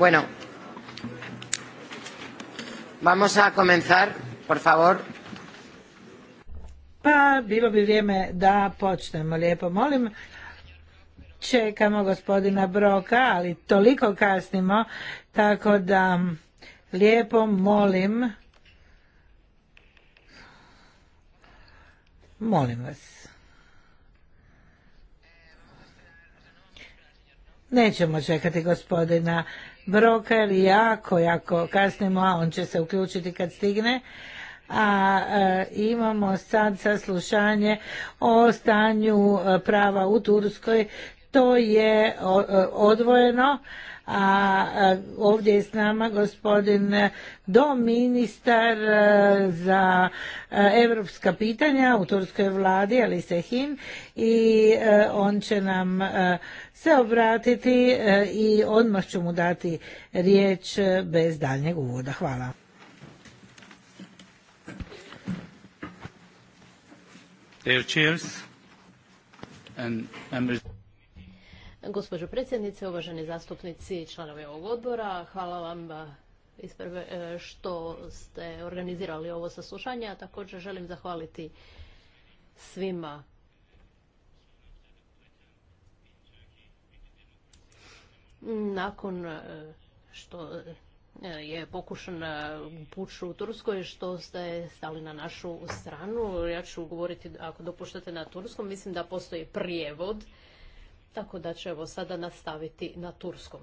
Bueno, vamos a comenzar, por favor. Pa, bilo bi vrijeme da počnemo, lijepo molim. Čekamo gospodina Broka, ali toliko kasnimo, tako da lijepo molim. Molim vas. Nećemo čekati gospodina Broker jako, jako kasnimo, a on će se uključiti kad stigne. A e, imamo sad saslušanje o stanju e, prava u Turskoj. To je e, odvojeno, a ovdje je s nama gospodin do ministar e, za e, evropska pitanja u turskoj vladi Ali hin i e, on će nam se obratiti i odmah ću mu dati riječ bez daljnjeg uvoda. Hvala. Dear and members Gospođo predsjednice, uvaženi zastupnici i članovi ovog odbora, hvala vam eh, eh, što ste organizirali ovo saslušanje, a također želim zahvaliti svima nakon eh, što je pokušan puć u Turskoj, što ste stali na našu stranu. Ja ću govoriti, ako dopuštate na turskom, mislim da postoji prijevod tako da ćemo sada nastaviti na turskom.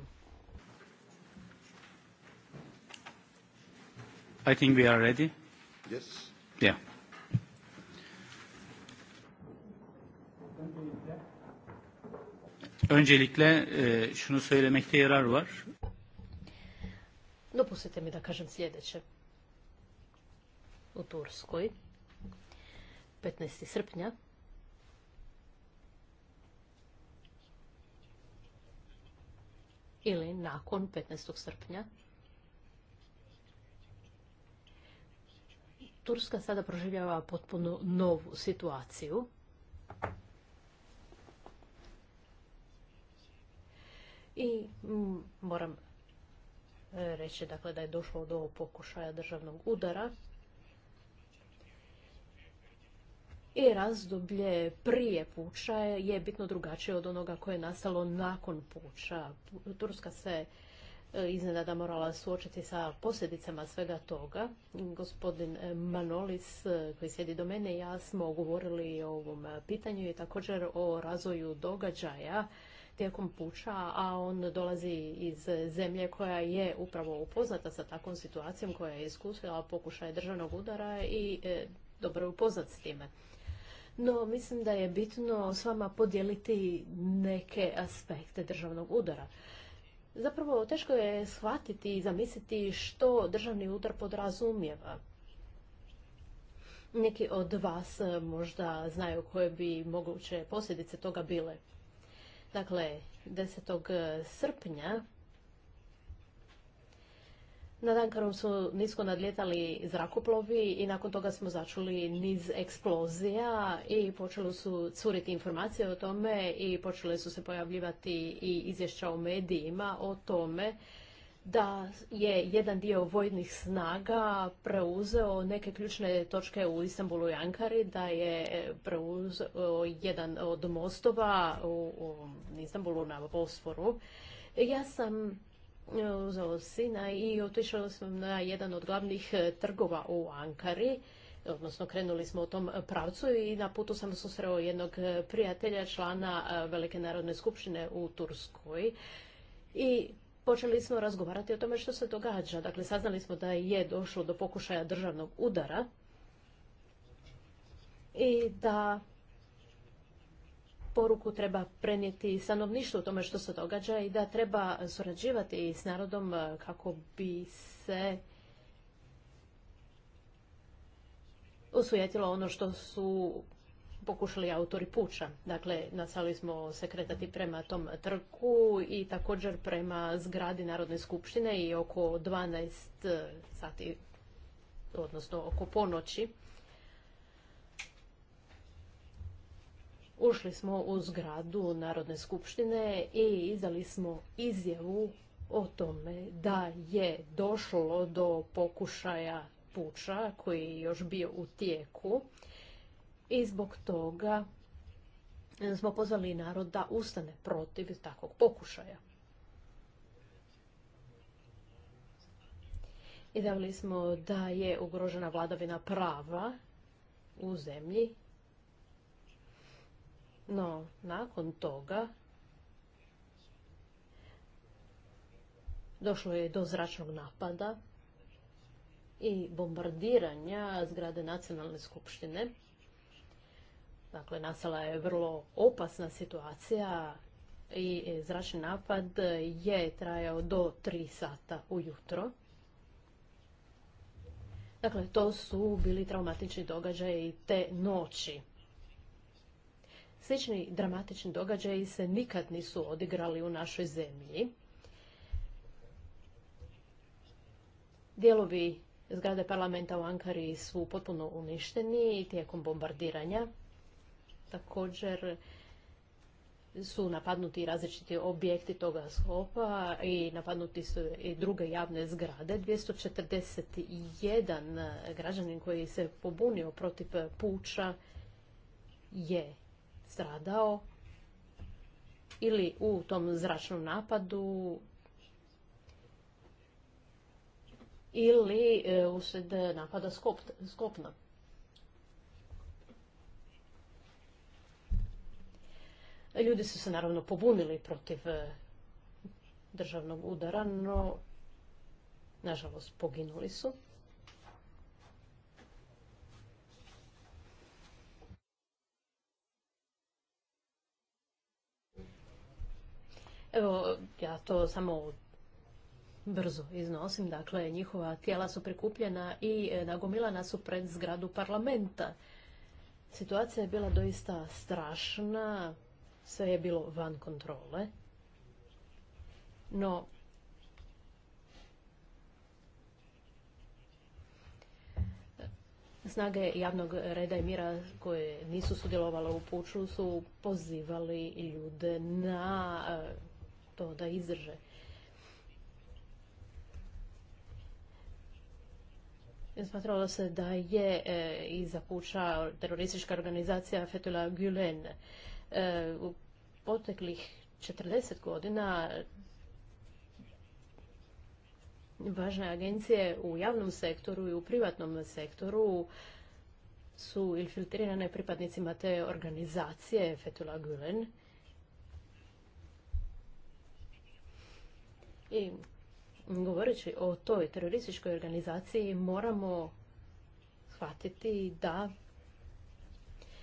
I think we are ready. Yes. Yeah. Öncelikle e, şunu söylemekte yarar var. Dopustite mi da kažem sljedeće. U Turskoj 15. srpnja ili nakon 15. srpnja. Turska sada proživljava potpuno novu situaciju. I mm, moram reći dakle, da je došlo do pokušaja državnog udara i e, razdoblje prije puča je bitno drugačije od onoga koje je nastalo nakon puča. Turska se e, iznenada morala suočiti sa posljedicama svega toga. Gospodin e, Manolis, koji sjedi do mene, i ja smo govorili o ovom pitanju i također o razvoju događaja tijekom puča, a on dolazi iz zemlje koja je upravo upoznata sa takvom situacijom, koja je iskusila pokušaj državnog udara i dobro je upoznat s time no mislim da je bitno s vama podijeliti neke aspekte državnog udara. Zapravo teško je shvatiti i zamisliti što državni udar podrazumijeva. Neki od vas možda znaju koje bi moguće posljedice toga bile. Dakle, 10. srpnja dan Ankarom su nisko nadljetali zrakoplovi i nakon toga smo začuli niz eksplozija i počelo su curiti informacije o tome i počele su se pojavljivati i izvješća u medijima o tome da je jedan dio vojnih snaga preuzeo neke ključne točke u Istanbulu i Ankari, da je preuzeo jedan od mostova u, u Istanbulu na Bosforu. Ja sam uzeo sina i otišao sam na jedan od glavnih e, trgova u Ankari odnosno krenuli smo u tom pravcu i na putu sam susreo jednog e, prijatelja, člana e, Velike narodne skupštine u Turskoj i počeli smo razgovarati o tome što se događa. Dakle, saznali smo da je došlo do pokušaja državnog udara i da poruku treba prenijeti stanovništvu u tome što se događa i da treba surađivati s narodom e, kako bi se osujetilo ono što su pokušali autori puča. Dakle, nastali smo se kretati prema tom trku i također prema zgradi Narodne skupštine i oko 12 sati, odnosno oko ponoći. Ušli smo u zgradu Narodne skupštine i izdali smo izjavu o tome da je došlo do pokušaja puča koji je još bio u tijeku i zbog toga smo pozvali narod da ustane protiv takvog pokušaja. I davali smo da je ugrožena vladavina prava u zemlji no, nakon toga došlo je do zračnog napada i bombardiranja zgrade nacionalne skupštine. Dakle, nastala je vrlo opasna situacija i zračni napad je trajao do 3 sata ujutro. Dakle, to su bili traumatični događaji te noći. Slični dramatični događaji se nikad nisu odigrali u našoj zemlji. Dijelovi zgrade parlamenta u Ankari su potpuno uništeni tijekom bombardiranja. Također su napadnuti različiti objekti toga skopa i napadnuti su i druge javne zgrade. 241 građanin koji se pobunio protiv puča je stradao ili u tom zračnom napadu ili e, usred napada Skopna. Ljudi su se naravno pobunili protiv e, državnog udara, no nažalost poginuli su. Evo, ja to samo brzo iznosim. Dakle, njihova tijela su prikupljena i e, nagomilana su pred zgradu parlamenta. Situacija je bila doista strašna, sve je bilo van kontrole. No, snage javnog reda i mira koje nisu sudjelovale u puču su pozivali ljude na e, to da izdrže. Smatralo se da je i e, iza teroristička organizacija Fethullah Gülen. E, u poteklih 40 godina važne agencije u javnom sektoru i u privatnom sektoru su infiltrirane pripadnicima te organizacije Fethullah Gülen. I govoreći o toj terorističkoj organizaciji moramo shvatiti da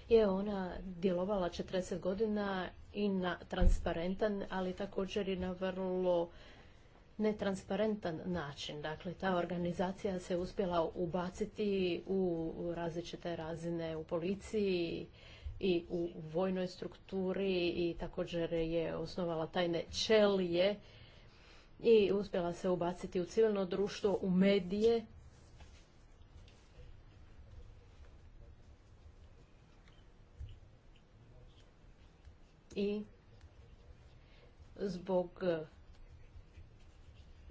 je ona djelovala 40 godina i na transparentan, ali također i na vrlo netransparentan način. Dakle, ta organizacija se uspjela ubaciti u različite razine u policiji i u vojnoj strukturi i također je osnovala tajne čelije i uspjela se ubaciti u civilno društvo, u medije. I zbog eh,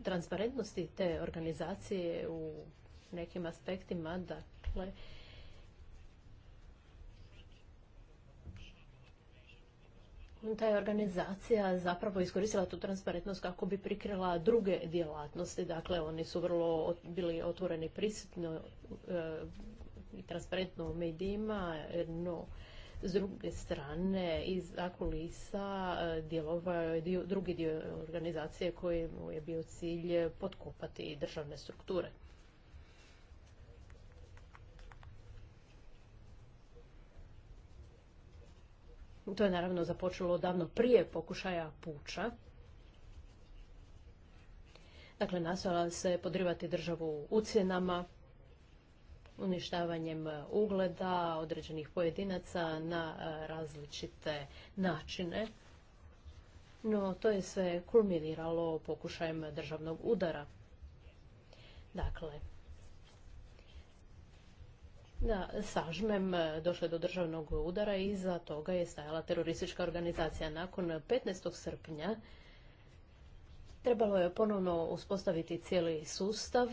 transparentnosti te organizacije u nekim aspektima, dakle, ta je organizacija zapravo iskoristila tu transparentnost kako bi prikrila druge djelatnosti. Dakle, oni su vrlo bili otvoreni prisutno e, i transparentno u medijima, no s druge strane iz akulisa, e, djelovao je drugi dio organizacije kojemu je bio cilj e, potkopati državne strukture. To je naravno započelo davno prije pokušaja puča. Dakle, nastojala se podrivati državu ucjenama, uništavanjem ugleda određenih pojedinaca na e, različite načine. No, to je sve kulminiralo pokušajem državnog udara. Dakle, da, sažmem e, došlo je do državnog udara i iza toga je stajala teroristička organizacija. Nakon 15. srpnja trebalo je ponovno uspostaviti cijeli sustav,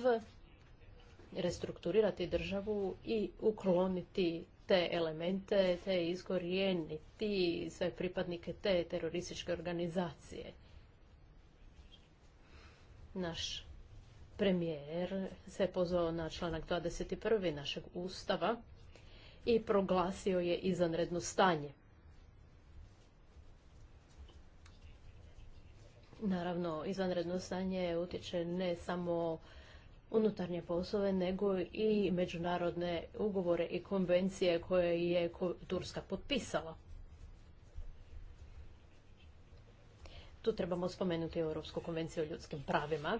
restrukturirati državu i ukloniti te elemente, te izgorijeniti sve pripadnike te terorističke organizacije. Naš premijer se pozvao na članak 21. našeg ustava i proglasio je izvanredno stanje. Naravno, izvanredno stanje utječe ne samo unutarnje poslove, nego i međunarodne ugovore i konvencije koje je Turska potpisala. Tu trebamo spomenuti Europsku konvenciju o ljudskim pravima,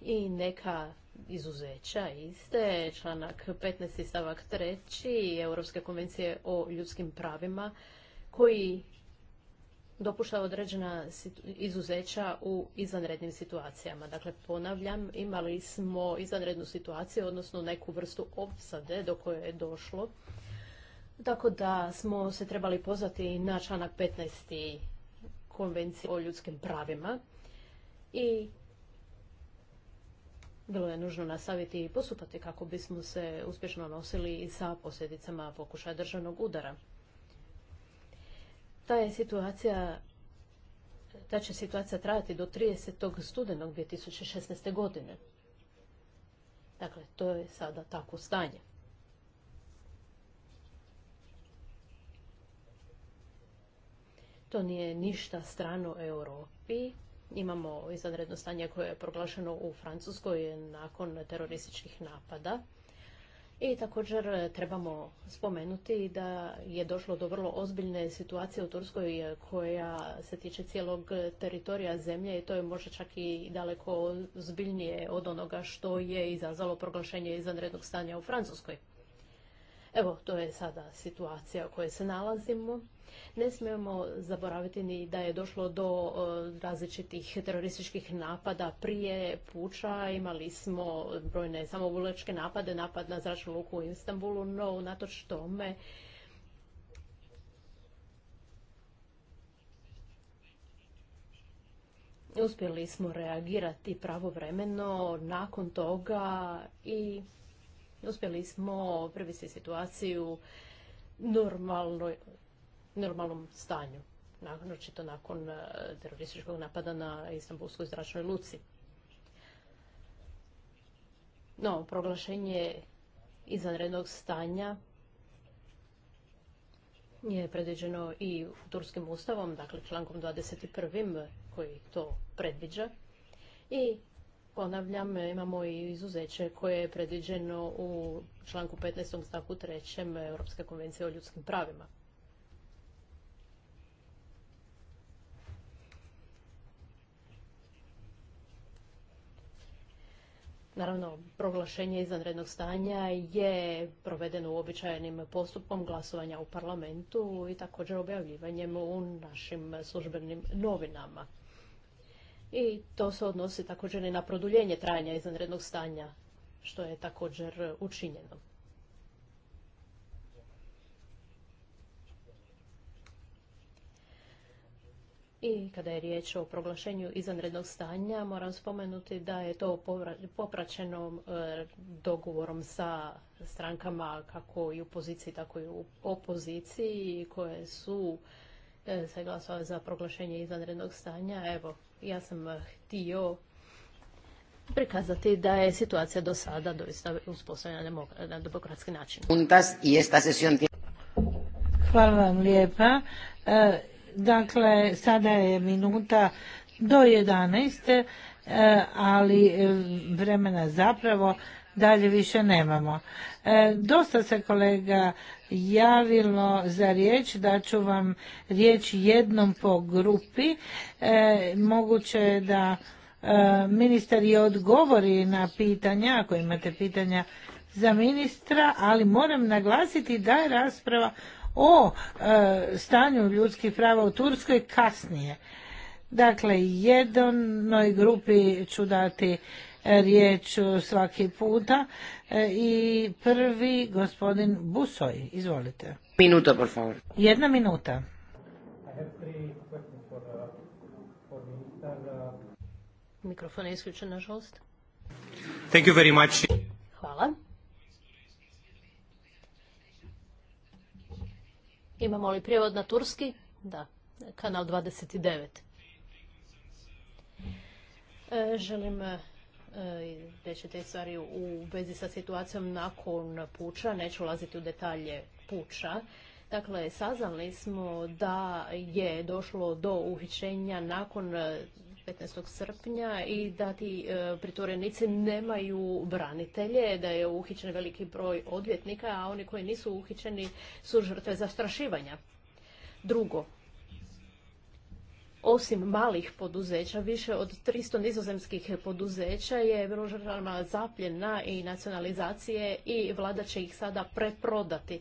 i neka izuzeća iste, članak 15. stavak 3. Europske konvencije o ljudskim pravima koji dopušta određena izuzeća u izvanrednim situacijama. Dakle, ponavljam, imali smo izvanrednu situaciju, odnosno neku vrstu opsade do koje je došlo. Tako da smo se trebali pozvati na članak 15. konvencije o ljudskim pravima i bilo je nužno nastaviti i postupati kako bismo se uspješno nosili i sa posljedicama pokušaja državnog udara. Ta je situacija ta će situacija trajati do 30. studenog 2016. godine. Dakle, to je sada tako stanje. To nije ništa strano Europi, Imamo izvanredno stanje koje je proglašeno u Francuskoj nakon terorističkih napada. I također trebamo spomenuti da je došlo do vrlo ozbiljne situacije u Turskoj koja se tiče cijelog teritorija zemlje i to je možda čak i daleko ozbiljnije od onoga što je izazvalo proglašenje izvanrednog stanja u Francuskoj. Evo, to je sada situacija u kojoj se nalazimo. Ne smijemo zaboraviti ni da je došlo do e, različitih terorističkih napada prije puča. Imali smo brojne samovulečke napade, napad na zračnu luku u Istanbulu, no unatoč tome uspjeli smo reagirati pravovremeno nakon toga i uspjeli smo privesti situaciju normalnoj, normalnom stanju, naročito nakon e, terorističkog napada na Istanbulskoj zračnoj luci. No, proglašenje izvanrednog stanja je predviđeno i Turskim ustavom, dakle člankom 21. koji to predviđa. I Ponavljam, imamo i izuzeće koje je predviđeno u članku 15. stavku 3. Europske konvencije o ljudskim pravima. Naravno, proglašenje izvanrednog stanja je provedeno uobičajenim postupkom glasovanja u parlamentu i također objavljivanjem u našim službenim novinama i to se odnosi također i na produljenje trajanja izvanrednog stanja, što je također e, učinjeno. I kada je riječ o proglašenju izvanrednog stanja, moram spomenuti da je to popraćeno e, dogovorom sa strankama kako i u poziciji, tako i u opoziciji koje su e, se glasove za proglašenje izvanrednog stanja. Evo, ja sam eh, htio prikazati da je situacija do sada doista uspostavljena na demokratski način. Hvala vam lijepa. Eh, dakle, sada je minuta do 11, eh, ali vremena zapravo dalje više nemamo. E, dosta se kolega javilo za riječ, da ću vam riječ jednom po grupi. E, moguće je da e, ministar i odgovori na pitanja, ako imate pitanja za ministra, ali moram naglasiti da je rasprava o stanju ljudskih prava u Turskoj kasnije. Dakle, jednoj grupi ću dati E, riječ svaki puta. E, I prvi gospodin Busoj, izvolite. Minuta, por favor. Jedna minuta. Mikrofon je isključen, nažalost. Thank you very much. Hvala. Imamo li prijevod na turski? Da, kanal 29. E, želim E, će te stvari u vezi sa situacijom nakon puča. Neću ulaziti u detalje puča. Dakle, saznali smo da je došlo do uhićenja nakon 15. E, srpnja i da ti e, pritvorenici nemaju branitelje, da je uhićen veliki broj odvjetnika, a oni koji nisu uhićeni su žrtve zastrašivanja. Drugo, osim malih poduzeća, više od 300 nizozemskih poduzeća je bilo zapljena i nacionalizacije i vlada će ih sada preprodati.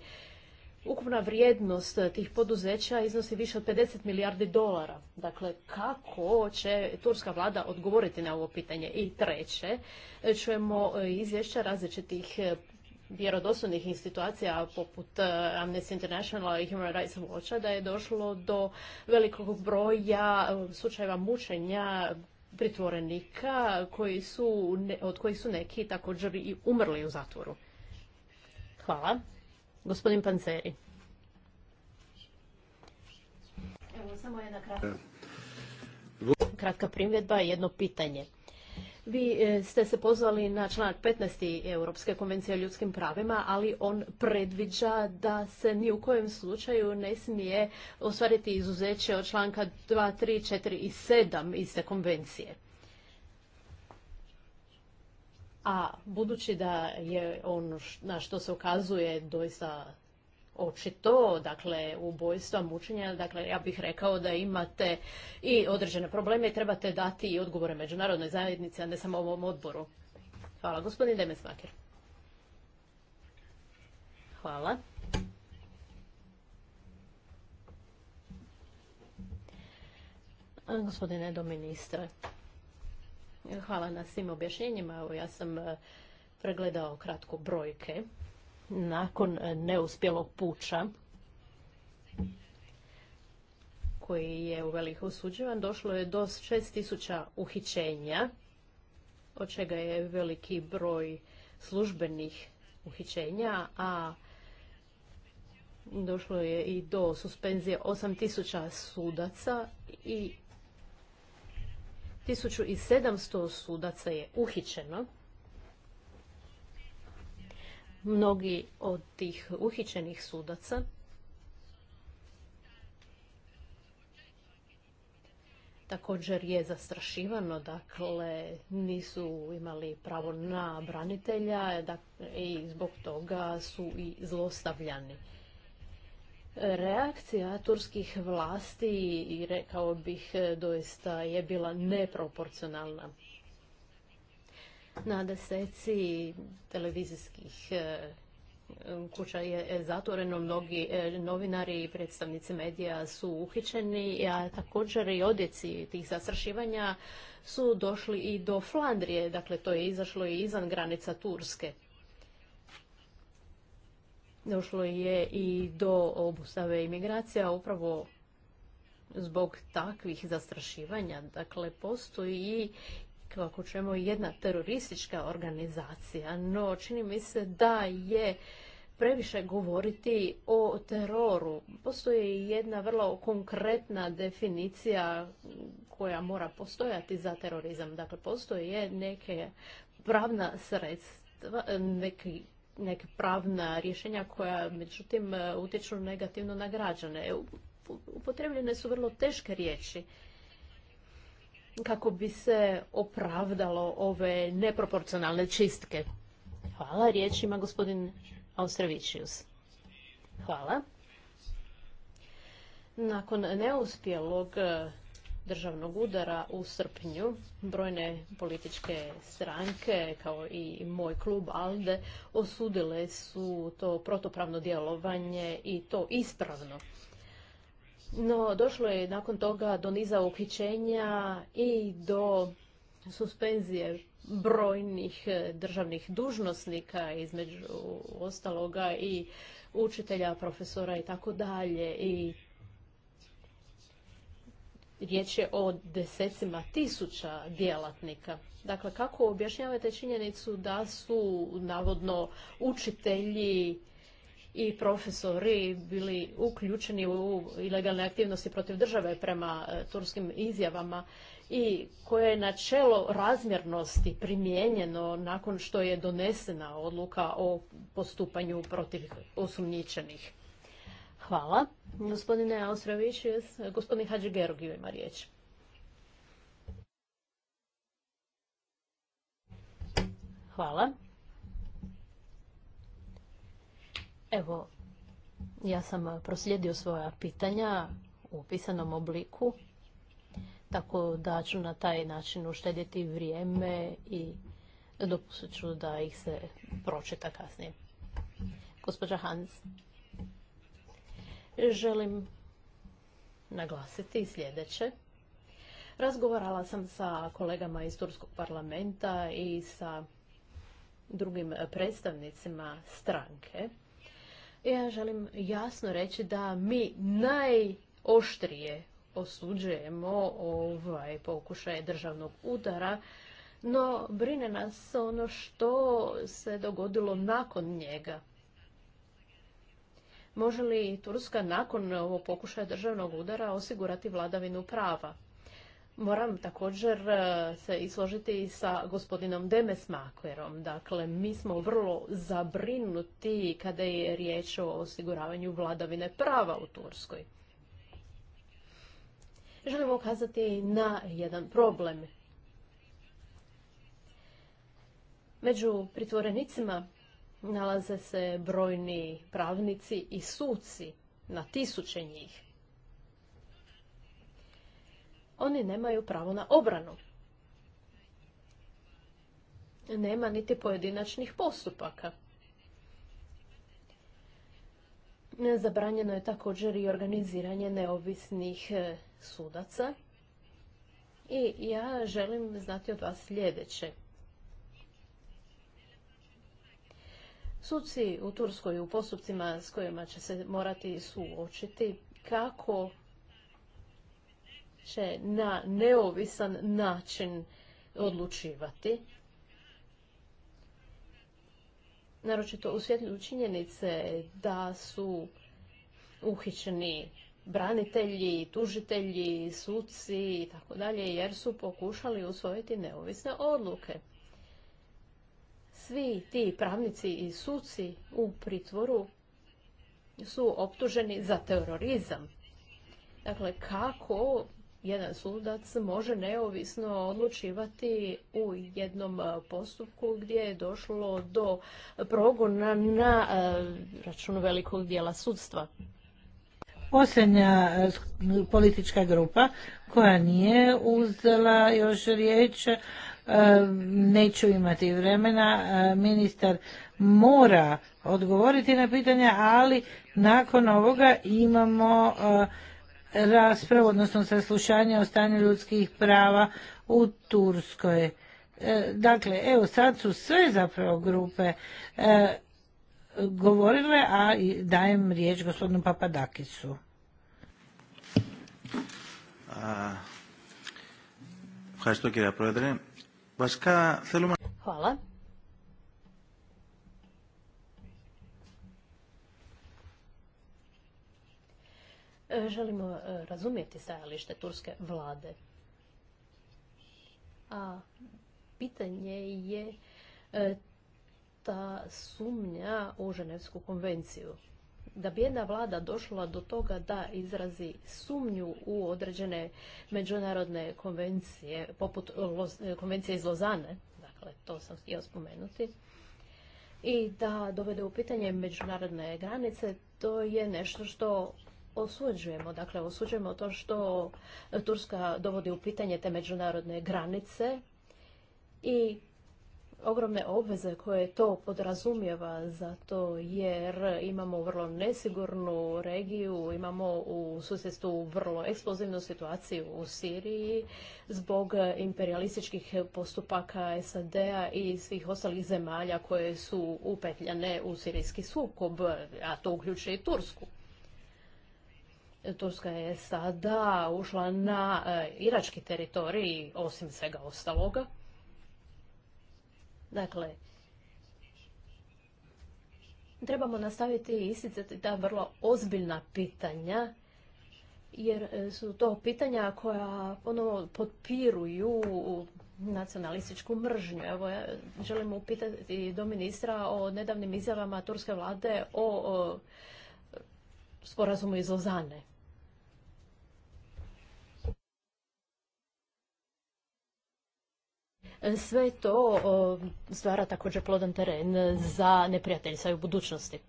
Ukupna vrijednost tih poduzeća iznosi više od 50 milijardi dolara. Dakle, kako će turska vlada odgovoriti na ovo pitanje? I treće, čujemo izvješća različitih vjerodostojnih institucija poput e, Amnesty International i Human Rights Watcha da je došlo do velikog broja e, slučajeva mučenja pritvorenika koji su, od kojih su neki također i umrli u zatvoru. Hvala. Gospodin Panceri. samo kratka, kratka primjedba i jedno pitanje. Vi e, ste se pozvali na članak 15. Europske konvencije o ljudskim pravima, ali on predviđa da se ni u kojem slučaju ne smije ostvariti izuzeće od članka 2, 3, 4 i 7 iste konvencije. A budući da je ono na što se ukazuje doista očito, dakle, ubojstva, mučenja, dakle, ja bih rekao da imate i određene probleme i trebate dati i odgovore međunarodnoj zajednici, a ne samo ovom odboru. Hvala. Gospodin Demesmaker. Hvala. Gospodine ministre, hvala na svim objašnjenjima. Evo, ja sam eh, pregledao kratko brojke nakon e, neuspjelog puča koji je u veliko osuđivan, došlo je do 6000 uhićenja, od čega je veliki broj službenih uhićenja, a došlo je i do suspenzije 8000 sudaca i 1700 sudaca je uhićeno. Mnogi od tih uhićenih sudaca također je zastrašivano, dakle nisu imali pravo na branitelja i zbog toga su i zlostavljani. Reakcija turskih vlasti, rekao bih, doista je bila neproporcionalna na deseci televizijskih e, kuća je e, zatvoreno, mnogi e, novinari i predstavnici medija su uhićeni, a također i odjeci tih zastrašivanja su došli i do Flandrije, dakle to je izašlo i izvan granica Turske. Došlo je i do obustave imigracija upravo zbog takvih zastrašivanja. Dakle, postoji ako ćemo jedna teroristička organizacija, no čini mi se da je previše govoriti o teroru. Postoji jedna vrlo konkretna definicija koja mora postojati za terorizam. Dakle, postoje neke pravna sredstva, neki neke pravna rješenja koja međutim utječu negativno na građane. Upotrebljene su vrlo teške riječi kako bi se opravdalo ove neproporcionalne čistke. Hvala. Riječ gospodin Austrevičius. Hvala. Nakon neuspjelog e, državnog udara u srpnju brojne političke stranke kao i moj klub ALDE osudile su to protopravno djelovanje i to ispravno. No, došlo je nakon toga do niza uhićenja i do suspenzije brojnih e, državnih dužnosnika, između ostaloga i učitelja, profesora i tako dalje. I riječ je o desecima tisuća djelatnika. Dakle, kako objašnjavate činjenicu da su navodno učitelji i profesori bili uključeni u ilegalne aktivnosti protiv države prema e, turskim izjavama i koje je načelo razmjernosti primijenjeno nakon što je donesena odluka o postupanju protiv osumnjičenih. Hvala. Gospodine Austrović, gospodin Hadži Gerogiju ima riječ. Hvala. Evo, ja sam proslijedio svoja pitanja u pisanom obliku, tako da ću na taj način uštedjeti vrijeme i dopustit ću da ih se pročita kasnije. Gospođa Hans, želim naglasiti sljedeće. Razgovarala sam sa kolegama iz Turskog parlamenta i sa drugim predstavnicima stranke ja želim jasno reći da mi najoštrije osuđujemo ovaj pokušaj državnog udara, no brine nas ono što se dogodilo nakon njega. Može li Turska nakon ovog pokušaja državnog udara osigurati vladavinu prava? Moram također e, se složiti sa gospodinom Demesmakerom. Dakle, mi smo vrlo zabrinuti kada je riječ o osiguravanju vladavine prava u Turskoj. Želimo ukazati na jedan problem. Među pritvorenicima nalaze se brojni pravnici i suci, na tisuće njih oni nemaju pravo na obranu. Nema niti pojedinačnih postupaka. Zabranjeno je također i organiziranje neovisnih e, sudaca. I ja želim znati od vas sljedeće. Suci u Turskoj u postupcima s kojima će se morati suočiti kako će na neovisan način odlučivati. Naročito u svjetlju činjenice da su uhićeni branitelji, tužitelji, suci i tako dalje, jer su pokušali usvojiti neovisne odluke. Svi ti pravnici i suci u pritvoru su optuženi za terorizam. Dakle, kako jedan sudac može neovisno odlučivati u jednom postupku gdje je došlo do progona na račun velikog dijela sudstva. Posljednja politička grupa koja nije uzela još riječ, neću imati vremena, ministar mora odgovoriti na pitanja, ali nakon ovoga imamo raspravu, odnosno saslušanje o stanju ljudskih prava u Turskoj. E, dakle, evo sad su sve zapravo grupe e, govorile, a dajem riječ gospodinu Papadakisu. Hvala. E, želimo e, razumjeti stajalište turske vlade. A pitanje je e, ta sumnja u Ženevsku konvenciju. Da bi jedna vlada došla do toga da izrazi sumnju u određene međunarodne konvencije, poput konvencije iz Lozane, dakle to sam htio spomenuti, i da dovede u pitanje međunarodne granice, to je nešto što osuđujemo. Dakle, osuđujemo to što Turska dovodi u pitanje te međunarodne granice i ogromne obveze koje to podrazumijeva zato jer imamo vrlo nesigurnu regiju, imamo u susjedstvu vrlo eksplozivnu situaciju u Siriji zbog imperialističkih postupaka SAD-a i svih ostalih zemalja koje su upetljane u sirijski sukob, a to uključuje i Tursku. Turska je sada ušla na e, irački teritorij, osim svega ostaloga. Dakle, trebamo nastaviti isticati ta vrlo ozbiljna pitanja, jer e, su to pitanja koja ponovo potpiruju nacionalističku mržnju. Evo, ja želim upitati do ministra o nedavnim izjavama turske vlade o, o sporazumu iz Ozane. Sve to stvara također plodan teren za neprijateljstva u budućnosti.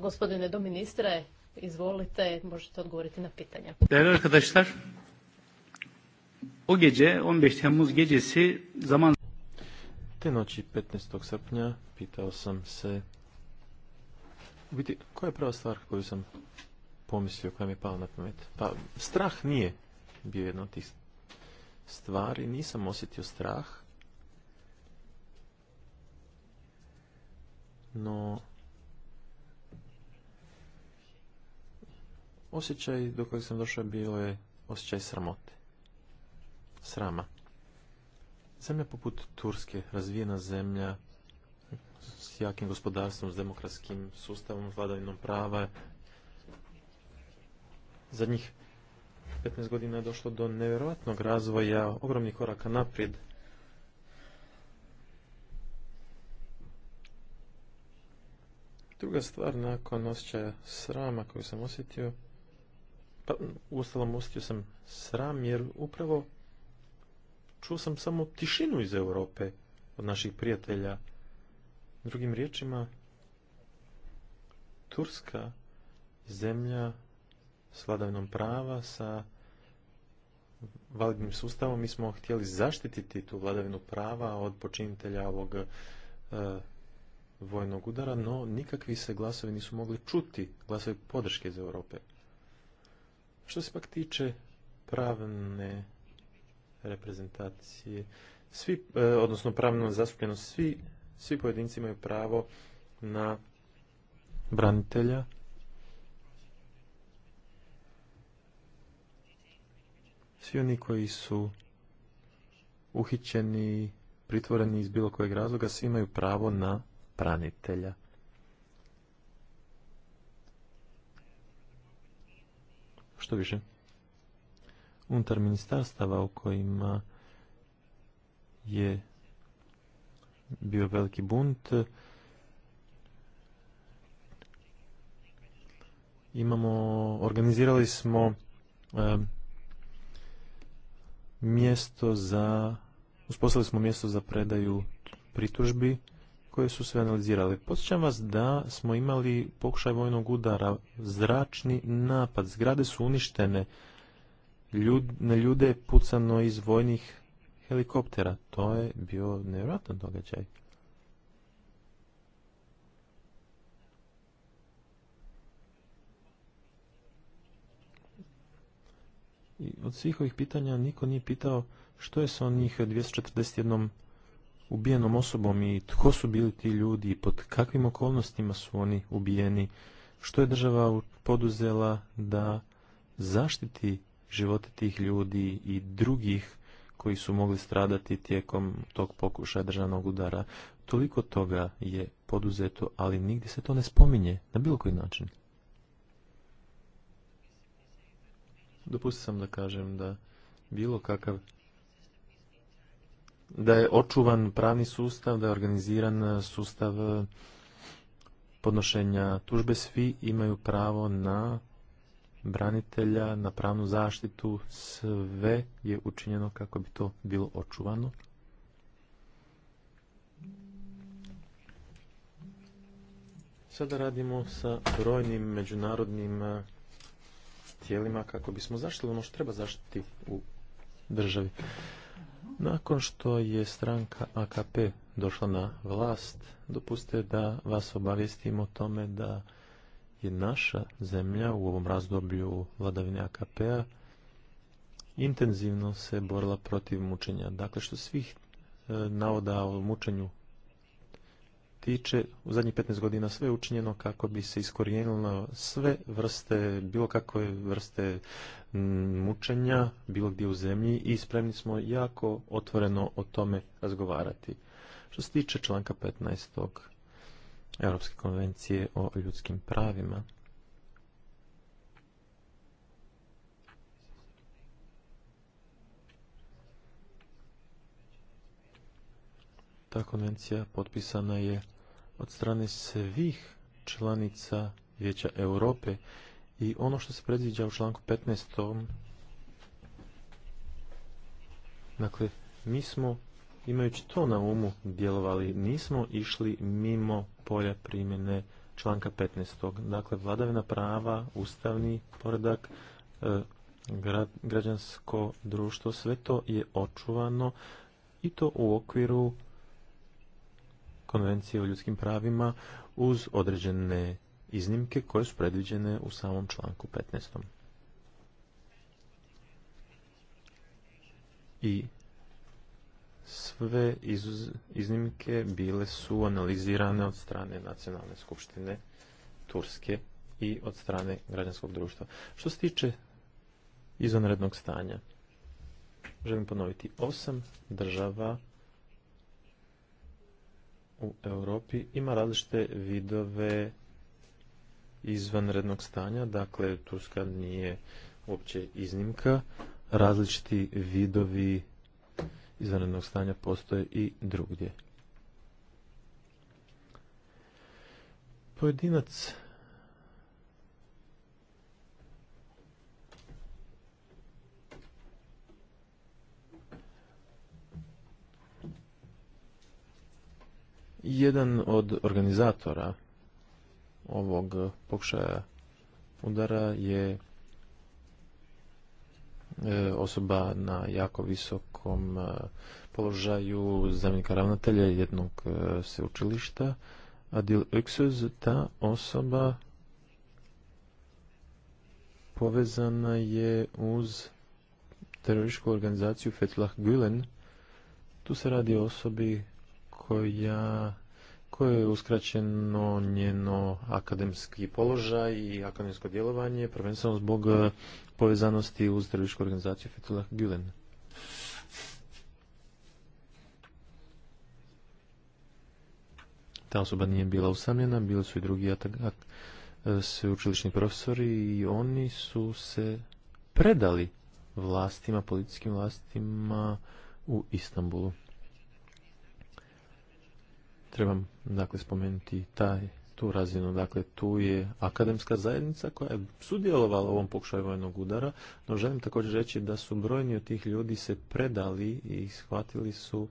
gospodine do ministre, izvolite, možete odgovoriti na pitanja. Değerli arkadaşlar, o gece 15 Temmuz gecesi zaman te noći 15. srpnja pitao sam se biti, koja je prva stvar koju sam pomislio, koja mi je pala na pamet? Pa, strah nije bio jedna od tih stvari, nisam osjetio strah, no osjećaj do kojeg sam došao bio je osjećaj sramote. Srama. Zemlja poput Turske, razvijena zemlja s jakim gospodarstvom, s demokratskim sustavom, vladavinom prava. za njih 15 godina je došlo do nevjerojatnog razvoja, ogromnih koraka naprijed. Druga stvar, nakon osjećaja srama koju sam osjetio, pa uostalom osjetio sam sram jer upravo čuo sam samo tišinu iz Europe od naših prijatelja. Drugim riječima, Turska zemlja s vladavinom prava, sa validnim sustavom. Mi smo htjeli zaštititi tu vladavinu prava od počinitelja ovog e, vojnog udara, no nikakvi se glasovi nisu mogli čuti, glasovi podrške iz Europe. Što se pak tiče pravne reprezentacije, svi, e, odnosno pravno zastupljeno, svi, svi pojedinci imaju pravo na branitelja Svi oni koji su uhićeni, pritvoreni iz bilo kojeg razloga, svi imaju pravo na branitelja. Što više? Unutar ministarstava u kojima je bio veliki bunt, imamo, organizirali smo mjesto za, uspostavili smo mjesto za predaju pritužbi koje su sve analizirali. Podsjećam vas da smo imali pokušaj vojnog udara, zračni napad, zgrade su uništene, Ljud, na ljude je pucano iz vojnih helikoptera. To je bio nevjerojatan događaj. I od svih ovih pitanja niko nije pitao što je sa onih 241 ubijenom osobom i tko su bili ti ljudi i pod kakvim okolnostima su oni ubijeni, što je država poduzela da zaštiti živote tih ljudi i drugih koji su mogli stradati tijekom tog pokušaja državnog udara. Toliko toga je poduzeto, ali nigdje se to ne spominje na bilo koji način. dopustio sam da kažem da bilo kakav da je očuvan pravni sustav, da je organiziran sustav podnošenja tužbe. Svi imaju pravo na branitelja, na pravnu zaštitu. Sve je učinjeno kako bi to bilo očuvano. Sada radimo sa brojnim međunarodnim tijelima kako bismo zaštili ono što treba zaštiti u državi. Nakon što je stranka AKP došla na vlast, dopustite da vas obavijestimo o tome da je naša zemlja u ovom razdoblju vladavine AKP-a intenzivno se borila protiv mučenja. Dakle, što svih e, navoda o mučenju tiče, u zadnjih 15 godina sve je učinjeno kako bi se iskorijenilo sve vrste, bilo kakve vrste mm, mučenja, bilo gdje u zemlji i spremni smo jako otvoreno o tome razgovarati. Što se tiče članka 15. Europske konvencije o ljudskim pravima, ta konvencija potpisana je od strane svih članica Vijeća Europe i ono što se predviđa u članku 15. Dakle, mi smo, imajući to na umu, djelovali, nismo išli mimo polja primjene članka 15. Dakle, vladavina prava, ustavni poredak, e, građansko društvo, sve to je očuvano i to u okviru konvencije o ljudskim pravima uz određene iznimke koje su predviđene u samom članku 15. I sve iznimke bile su analizirane od strane Nacionalne skupštine Turske i od strane građanskog društva. Što se tiče izvanrednog stanja, želim ponoviti, osam država u Europi ima različite vidove izvanrednog stanja, dakle Turska nije uopće iznimka, različiti vidovi izvanrednog stanja postoje i drugdje. Pojedinac Jedan od organizatora ovog pokušaja udara je e, osoba na jako visokom e, položaju zamjenika ravnatelja jednog e, sveučilišta, Adil Öksöz, ta osoba povezana je uz terorističku organizaciju Fethullah Gülen. Tu se radi o osobi koja koje je uskraćeno njeno akademski položaj i akademsko djelovanje, prvenstveno zbog e, povezanosti uz terorističku organizaciju Fethullah Gülen. Ta osoba nije bila usamljena, bili su i drugi e, sveučilišni profesori i oni su se predali vlastima, policijskim vlastima u Istanbulu. Trebam dakle spomenuti taj tu razinu. Dakle, tu je akademska zajednica koja je sudjelovala u ovom pokušaju vojnog udara, no želim također reći da su brojni od tih ljudi se predali i shvatili su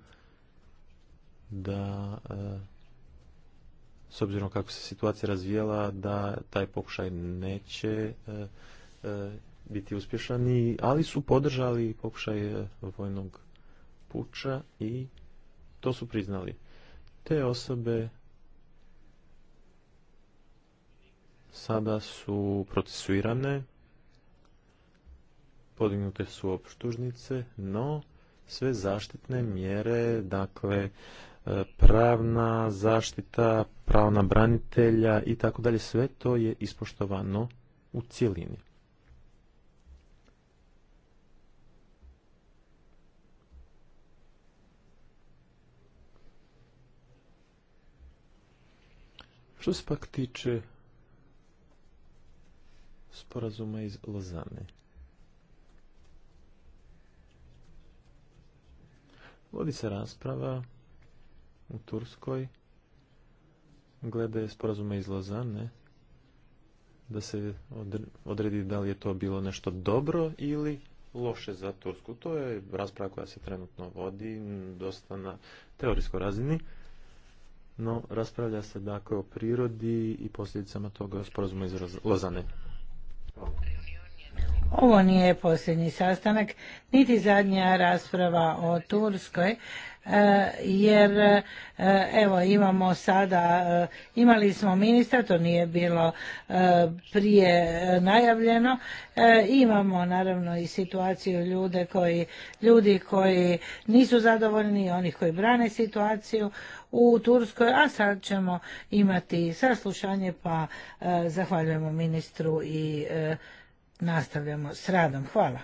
da eh, s obzirom kako se situacija razvijela, da taj pokušaj neće eh, eh, biti uspješan, ali su podržali pokušaj vojnog puča i to su priznali. Te osobe sada su procesuirane, podignute su opštužnice, no sve zaštitne mjere, dakle e, pravna zaštita, pravna branitelja i tako dalje, sve to je ispoštovano u cjelini. Što se pak tiče sporazuma iz Lozane? Vodi se rasprava u Turskoj glede sporazuma iz Lozane da se odredi da li je to bilo nešto dobro ili loše za Tursku. To je rasprava koja se trenutno vodi dosta na teorijskoj razini no raspravlja se dakle o prirodi i posljedicama toga sporazuma iz Lozane. Ovo nije posljednji sastanak, niti zadnja rasprava o Turskoj. Eh, jer eh, evo imamo sada, eh, imali smo ministra, to nije bilo prije najavljeno, imamo naravno i situaciju ljude koji, ljudi koji nisu zadovoljni, onih koji brane situaciju u Turskoj, a sad ćemo imati saslušanje pa zahvaljujemo ministru i nastavljamo s radom. Hvala.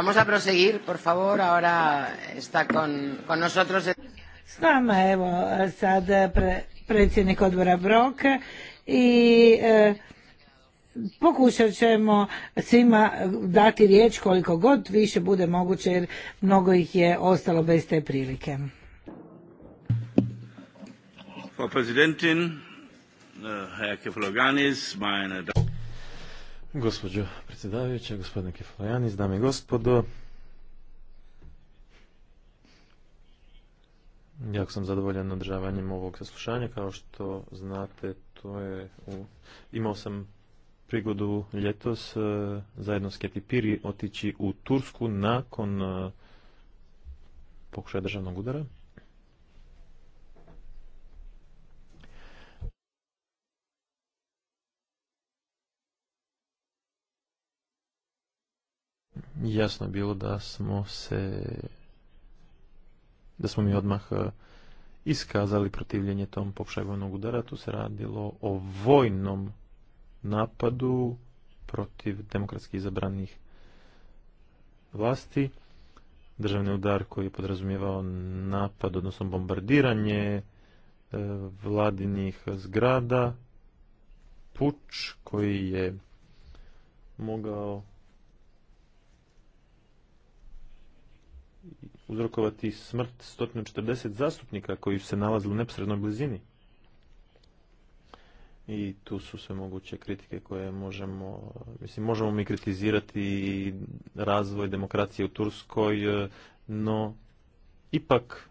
Vamos a proseguir, por favor, ahora está con, con nosotros. S nama evo sad pre, predsjednik odbora Brok i e, pokušat ćemo svima dati riječ koliko god više bude moguće jer mnogo ih je ostalo bez te prilike. Frau Präsidentin, äh, Herr Kefloganis, meine Gospođo predsjedavajuća, gospodine Kefalajanis, dame i gospodo, Jako sam zadovoljan održavanjem ovog saslušanja. Kao što znate, to je u... imao sam prigodu ljetos e, zajedno s Keti otići u Tursku nakon e, pokušaja državnog udara. jasno bilo da smo se da smo mi odmah e, iskazali protivljenje tom popšajvojnog udara. Tu se radilo o vojnom napadu protiv demokratski izabranih vlasti. Državni udar koji je podrazumijevao napad, odnosno bombardiranje e, vladinih zgrada, puč koji je mogao uzrokovati smrt 140 zastupnika koji su se nalazili u neposrednoj blizini. I tu su sve moguće kritike koje možemo, mislim, možemo mi kritizirati razvoj demokracije u Turskoj, no ipak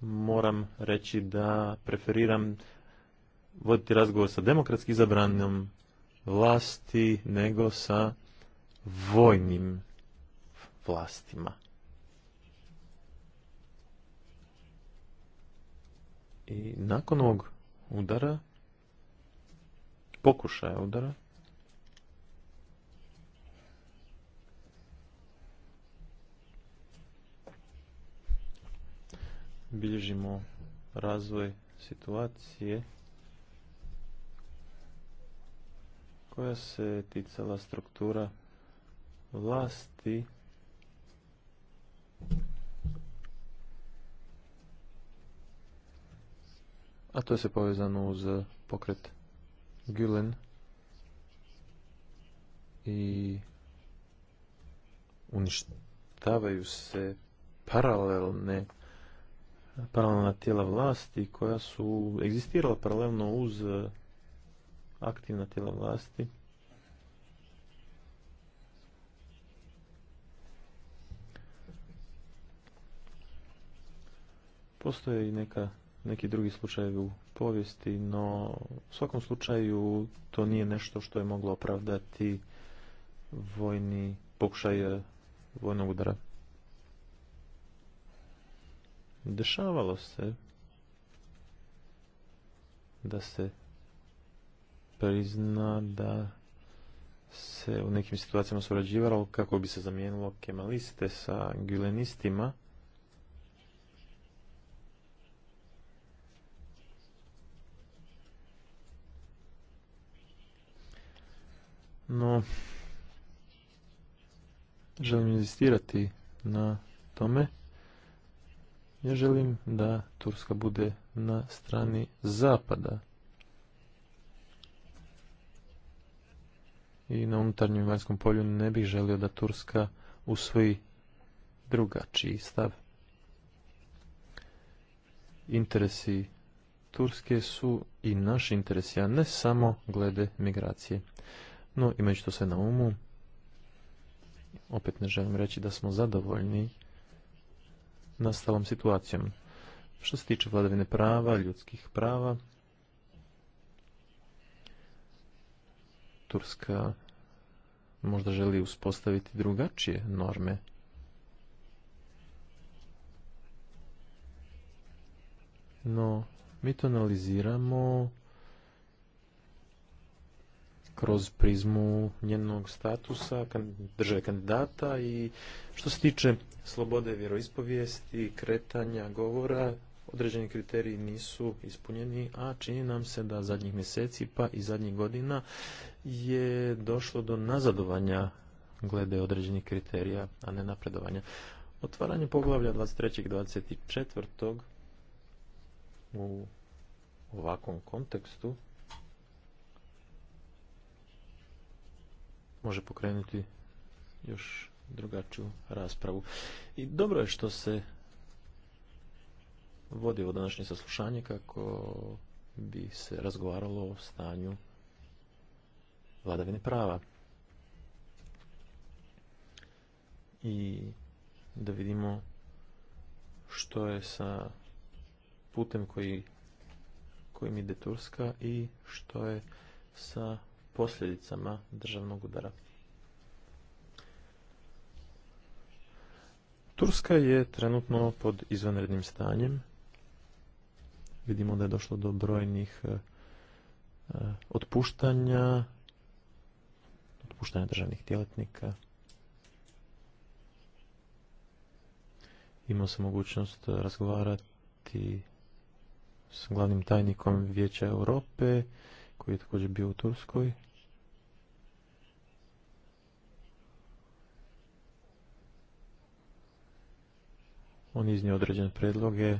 moram reći da preferiram voditi razgovor sa demokratski zabranjom vlasti nego sa vojnim vlastima. I nakon ovog udara, pokušaja udara, bilježimo razvoj situacije koja se ticala struktura vlasti a to je se povezano uz eh, pokret Gülen i uništavaju se paralelne paralelna tijela vlasti koja su egzistirala paralelno uz eh, aktivna tijela vlasti postoje i neka neki drugi slučajevi u povijesti, no u svakom slučaju to nije nešto što je moglo opravdati vojni pokušaj eh, vojnog udara. Dešavalo se da se prizna da se u nekim situacijama surađivalo kako bi se zamijenilo kemaliste sa gulenistima. no želim inzistirati na tome. Ja želim da Turska bude na strani zapada i na unutarnjem vanjskom polju ne bih želio da Turska usvoji drugačiji stav. Interesi Turske su i naši interesi, a ne samo glede migracije. No, imajući to sve na umu, opet ne želim reći da smo zadovoljni nastalom situacijom. Što se tiče vladavine prava, ljudskih prava, Turska možda želi uspostaviti drugačije norme. No, mi to analiziramo kroz prizmu njenog statusa države kandidata i što se tiče slobode vjeroispovijesti, kretanja, govora, određeni kriteriji nisu ispunjeni, a čini nam se da zadnjih mjeseci pa i zadnjih godina je došlo do nazadovanja glede određenih kriterija, a ne napredovanja. Otvaranje poglavlja 23. i 24. u ovakvom kontekstu može pokrenuti još drugačiju raspravu. I dobro je što se vodi ovo današnje saslušanje kako bi se razgovaralo o stanju vladavine prava. I da vidimo što je sa putem koji, kojim ide Turska i što je sa posljedicama državnog udara. Turska je trenutno pod izvanrednim stanjem. Vidimo da je došlo do brojnih e, e, otpuštanja, otpuštanja državnih djelatnika. Imao sam mogućnost razgovarati s glavnim tajnikom Vijeća Europe koji je također bio u Turskoj. On iznio određene predloge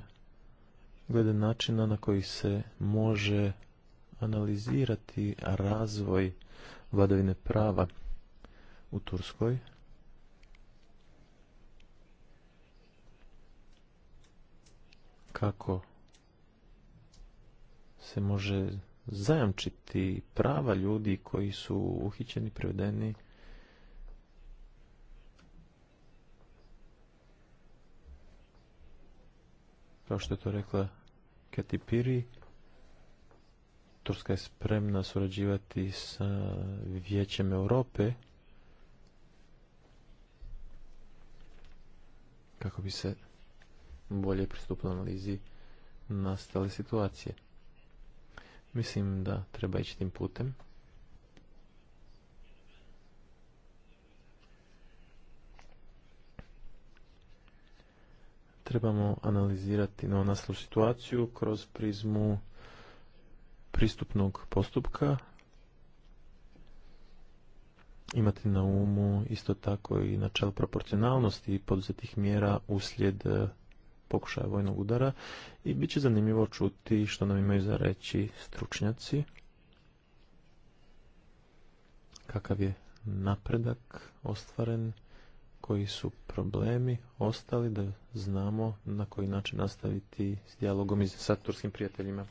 glede načina na koji se može analizirati razvoj vladavine prava u Turskoj. Kako se može zajamčiti prava ljudi koji su uhićeni, privedeni kao što je to rekla Kati Piri Turska je spremna surađivati sa Vijećem Europe kako bi se bolje pristupilo analizi nastale situacije. Mislim da treba ići tim putem. Trebamo analizirati novonastalu situaciju kroz prizmu pristupnog postupka. Imati na umu isto tako i načel proporcionalnosti i poduzetih mjera uslijed eh, pokušaja vojnog udara i bit će zanimljivo čuti što nam imaju za reći stručnjaci. Kakav je napredak ostvaren, koji su problemi ostali da znamo na koji način nastaviti s dijalogom sa turskim prijateljima.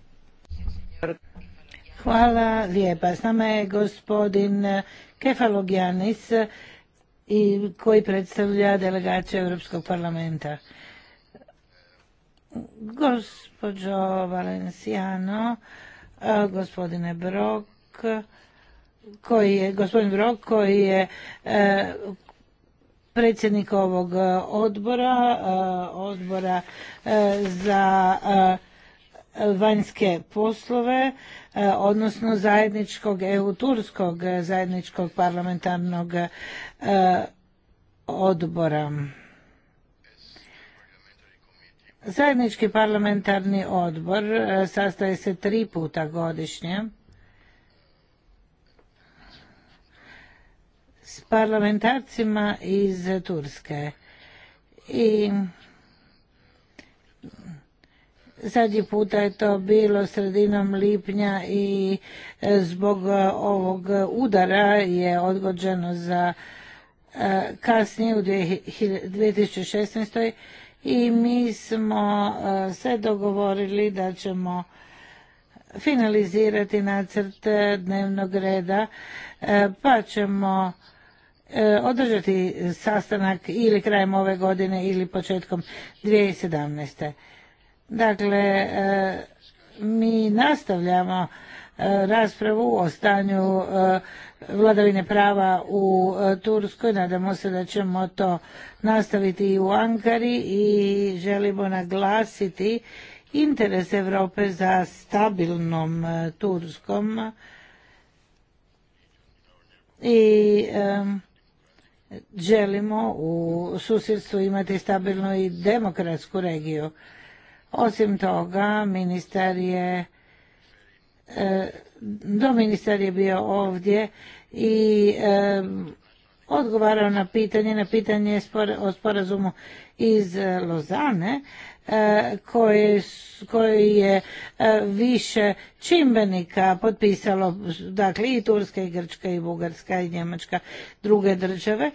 Hvala lijepa. S nama je gospodin kefalogianis i koji predstavlja delegaciju Europskog parlamenta. Gospođo Valenciano, e, gospodine Brok, koji je, gospodin Brok koji je e, predsjednik ovog odbora, e, odbora za vanjske poslove, odnosno zajedničkog EU-turskog zajedničkog parlamentarnog odbora. Zajednički parlamentarni odbor e, sastaje se tri puta godišnje. S parlamentarcima iz Turske. I zadnji puta je to bilo sredinom lipnja i e, zbog e, ovog udara je odgođeno za kasnije u 2016 i mi smo eh, se dogovorili da ćemo finalizirati nacrt eh, dnevnog reda eh, pa ćemo održati sastanak ili krajem ove godine ili početkom 2017. Dakle, mi nastavljamo E, raspravu o stanju e, vladavine prava u e, Turskoj. Nadamo se da ćemo to nastaviti i u Ankari i želimo naglasiti interes Europe za stabilnom Turskom i želimo u susjedstvu imati stabilnu i demokratsku regiju. Osim toga, ministar je E, ministar je bio ovdje i e, odgovarao na pitanje, na pitanje o sporazumu iz Lozane, e, koje, je više čimbenika potpisalo, dakle i Turska, i Grčka, i Bugarska, i Njemačka, druge države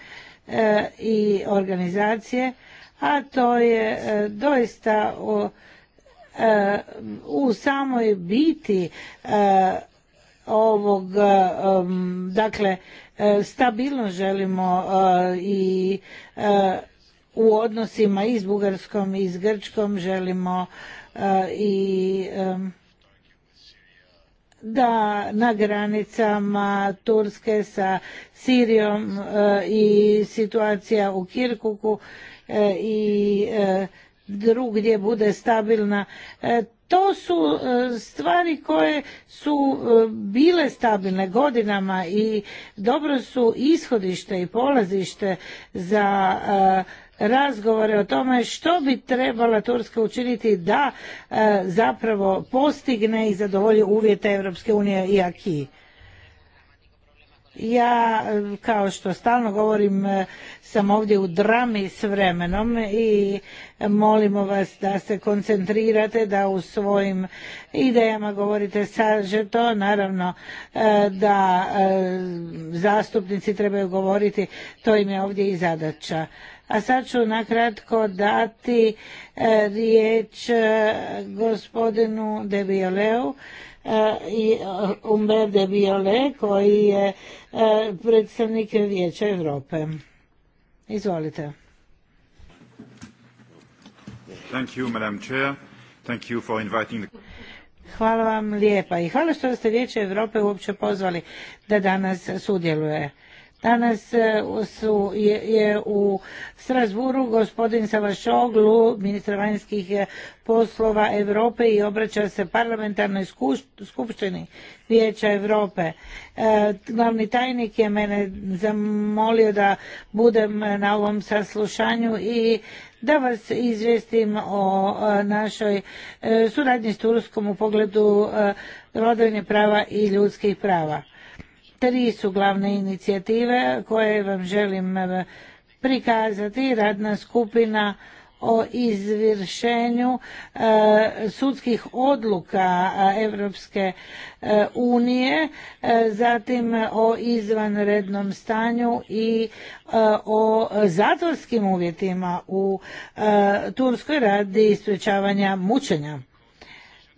i organizacije, a to je doista o u samoj biti e, ovog e, dakle e, stabilno želimo i u odnosima i s Bugarskom i s Grčkom želimo i da na granicama Turske sa Sirijom i situacija u Kirkuku i drugdje bude stabilna. E, to su e, stvari koje su e, bile stabilne godinama i dobro su ishodište i polazište za razgovore o tome što bi trebala Turska učiniti da zapravo postigne i zadovolji uvjete Europske unije i AKI. Ja, e, kao što stalno govorim, e, sam ovdje u drami s vremenom i molimo vas da se koncentrirate, da u svojim idejama govorite sažeto. Naravno e, da zastupnici trebaju govoriti, to im je ovdje i zadaća. A sad ću nakratko dati riječ gospodinu Debioleu i Umber uh, de koji je uh, predstavnik Vijeća Europe. Izvolite. Thank you, Madam Chair. Thank you for inviting Hvala vam lijepa i hvala što ste Vijeće Europe uopće pozvali da danas sudjeluje Danas e, su, je, u Strasburu gospodin Savašoglu, ministar vanjskih e, poslova Europe i obraća se parlamentarnoj skupštini Vijeća Europe. E, glavni tajnik je mene zamolio da budem na ovom saslušanju i da vas izvijestim o našoj suradnji s Turskom u pogledu vladavine prava i ljudskih prava. Tri su glavne inicijative koje vam želim eh, prikazati. Radna skupina o izvršenju eh, sudskih odluka Europske eh, unije, zatim o izvanrednom stanju i o zatvorskim uvjetima u Turskoj radi sprječavanja mučenja.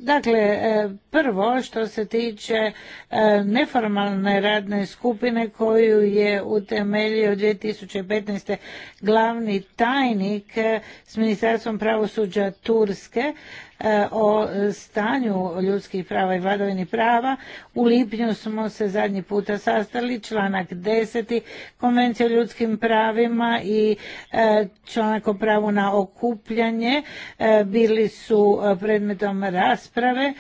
Dakle, e, prvo što se tiče e, neformalne radne skupine koju je utemeljio 2015. glavni tajnik e, s Ministarstvom pravosuđa Turske, E, o stanju ljudskih prava i vladavini prava. U lipnju smo se zadnji puta sastali, članak 10. konvencije o ljudskim pravima i e, članak o pravu na okupljanje e, bili su predmetom rasprave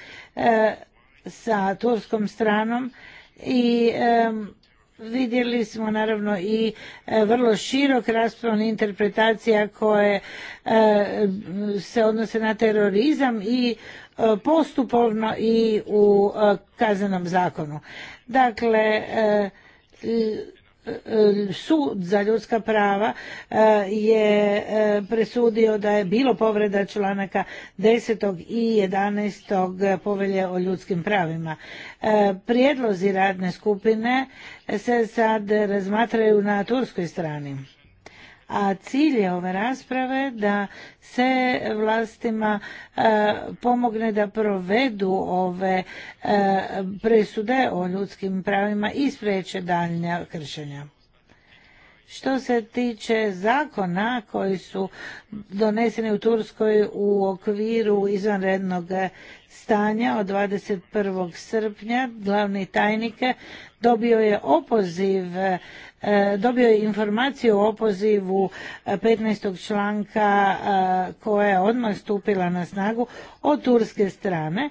sa turskom stranom i vidjeli smo naravno i e, vrlo širok raspon interpretacija koje e, se odnose na terorizam i e, postupovno i u kaznenom zakonu. Dakle, sud za ljudska prava e, je e, presudio da je bilo povreda članaka 10. i 11. povelje o ljudskim pravima. E, prijedlozi radne skupine se sad razmatraju na turskoj strani a cilj je ove rasprave da se vlastima e, pomogne da provedu ove e, presude o ljudskim pravima i spriječe daljnja kršenja. Što se tiče zakona koji su doneseni u Turskoj u okviru izvanrednog stanja od 21. srpnja, glavni tajnik dobio je opoziv E, dobio je informaciju o opozivu 15. E, članka e, koja je odmah stupila na snagu od turske strane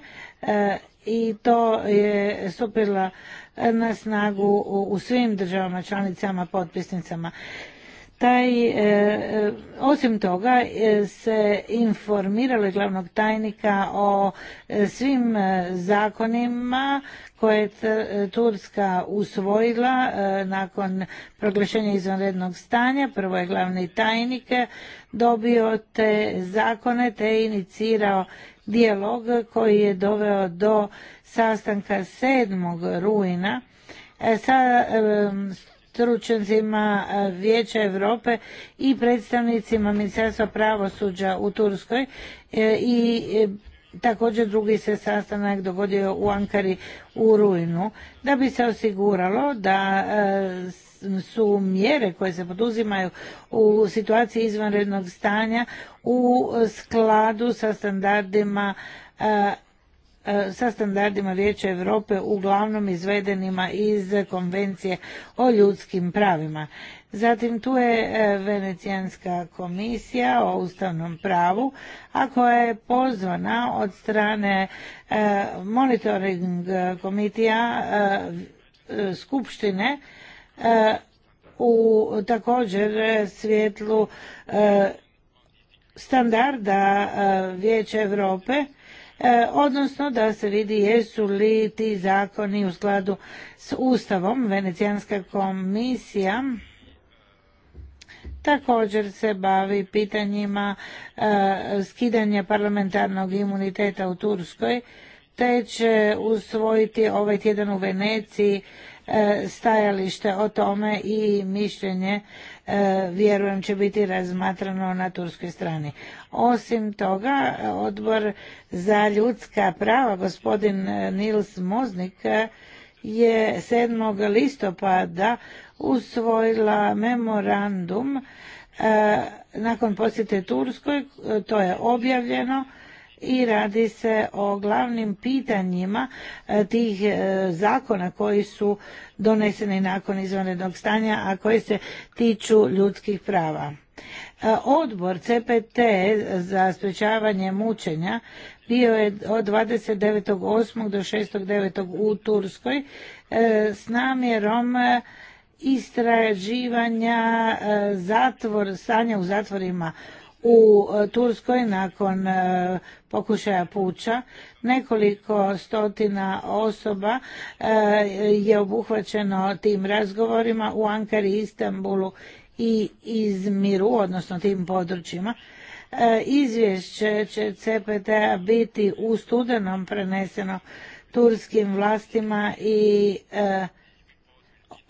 i to je stupila na snagu u svim državama članicama potpisnicama taj e, e, osim toga e, se informiralo glavnog tajnika o e, svim zakonima koje je Turska usvojila nakon proglašenja izvanrednog stanja. Prvo je glavni tajnik dobio te zakone te inicirao dijalog koji je doveo do sastanka 7. rujna sa stručnjacima e, Vijeća Europe i predstavnicima Ministarstva pravosuđa u Turskoj e, i e, Također drugi se sastanak dogodio u Ankari u rujnu da bi se osiguralo da su mjere koje se poduzimaju u situaciji izvanrednog stanja u skladu sa standardima E, sa standardima Vijeća Europe uglavnom izvedenima iz konvencije o ljudskim pravima. Zatim tu je e, Venecijanska komisija o ustavnom pravu, a koja je pozvana od strane e, monitoring komitija Skupštine u također svjetlu standarda Vijeća Europe E, odnosno da se vidi jesu li ti zakoni u skladu s Ustavom. Venecijanska komisija također se bavi pitanjima e, skidanja parlamentarnog imuniteta u Turskoj, te će usvojiti ovaj tjedan u Veneciji e, stajalište o tome i mišljenje E, vjerujem će biti razmatrano na turskoj strani. Osim toga, odbor za ljudska prava, gospodin Nils Moznik, je 7. listopada usvojila memorandum e, nakon posjete Turskoj, to je objavljeno i radi se o glavnim pitanjima e, tih zakona koji su doneseni nakon izvanrednog stanja, a koje se tiču ljudskih prava. E, odbor CPT za sprečavanje mučenja bio je od 29.8. do 6.9. u Turskoj e, s namjerom e, istraživanja zatvor, stanja u zatvorima u e, Turskoj nakon e, pokušaja puča. Nekoliko stotina osoba e, je obuhvaćeno tim razgovorima u Ankari, Istanbulu i Izmiru, odnosno tim područjima. Izvješće će CPTA biti u studenom preneseno turskim vlastima i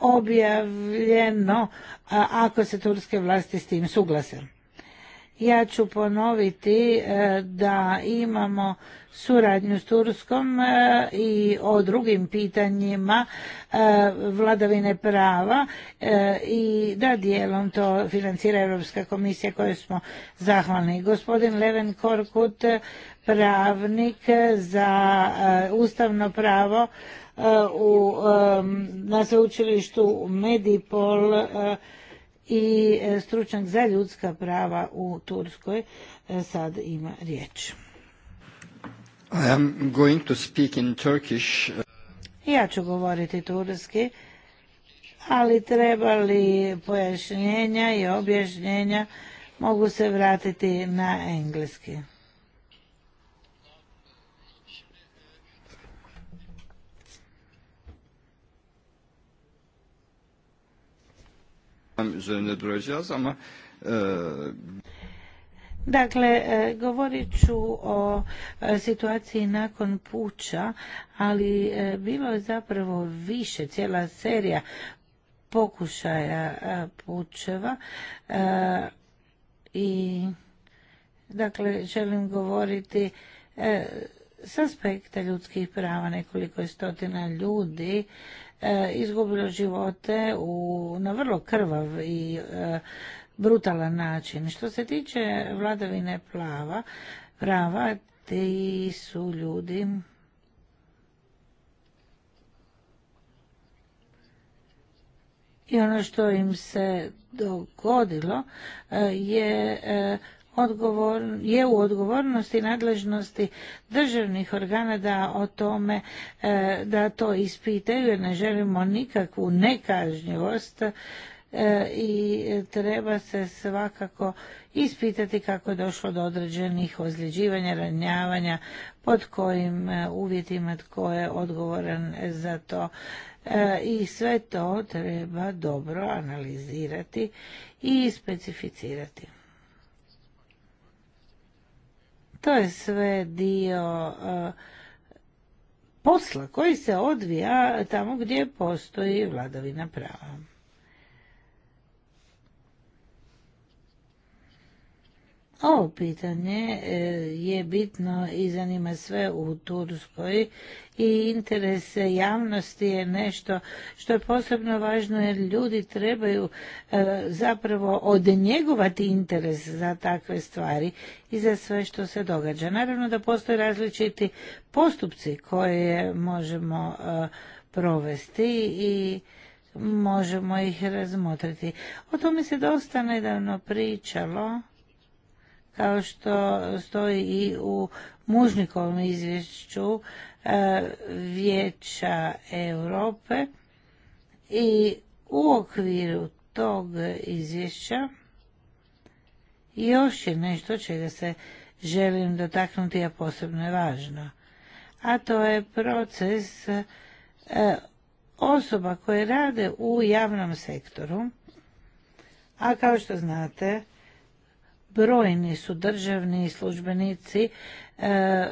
objavljeno ako se turske vlasti s tim suglase. Ja ću ponoviti e, da imamo suradnju s Turskom e, i o drugim pitanjima e, vladavine prava i da dijelom to financira Europska komisija kojoj smo zahvalni. Gospodin Leven Korkut, pravnik za ustavno pravo u, na sveučilištu Medipol i e, stručnjak za ljudska prava u Turskoj e, sad ima riječ. I am going to speak in Turkish. Ja ću govoriti turski, ali treba li pojašnjenja i objašnjenja mogu se vratiti na engleski. üzerinde duracağız ama e, Dakle, e, govorit ću o e, situaciji nakon puća, ali bilo je zapravo više, cijela serija pokušaja pučeva i dakle želim govoriti s aspekta ljudskih prava nekoliko stotina ljudi E, izgubilo živote na vrlo krvav i e, brutalan način. Što se tiče vladavine plava, prava, ti su ljudi i ono što im se dogodilo e, je odgovor, je u odgovornosti i nadležnosti državnih organa da o tome e, da to ispitaju jer ne želimo nikakvu nekažnjivost e, i treba se svakako ispitati kako je došlo do određenih ozljeđivanja, ranjavanja, pod kojim e, uvjetima tko je odgovoran za to. I sve to treba dobro analizirati i specificirati. To je sve dio e, posla koji se odvija tamo gdje postoji vladavina prava. Ovo pitanje e, je bitno i zanima sve u Turskoj i interes javnosti je nešto što je posebno važno jer ljudi trebaju e, zapravo odnjegovati interes za takve stvari i za sve što se događa. Naravno da postoje različiti postupci koje možemo e, provesti i možemo ih razmotriti. O tome se dosta nedavno pričalo kao što stoji i u mužnikovom izvješću e, Vijeća Europe i u okviru tog izvješća još je nešto čega se želim dotaknuti, a posebno je važno. A to je proces e, osoba koje rade u javnom sektoru, a kao što znate, brojni su državni službenici e,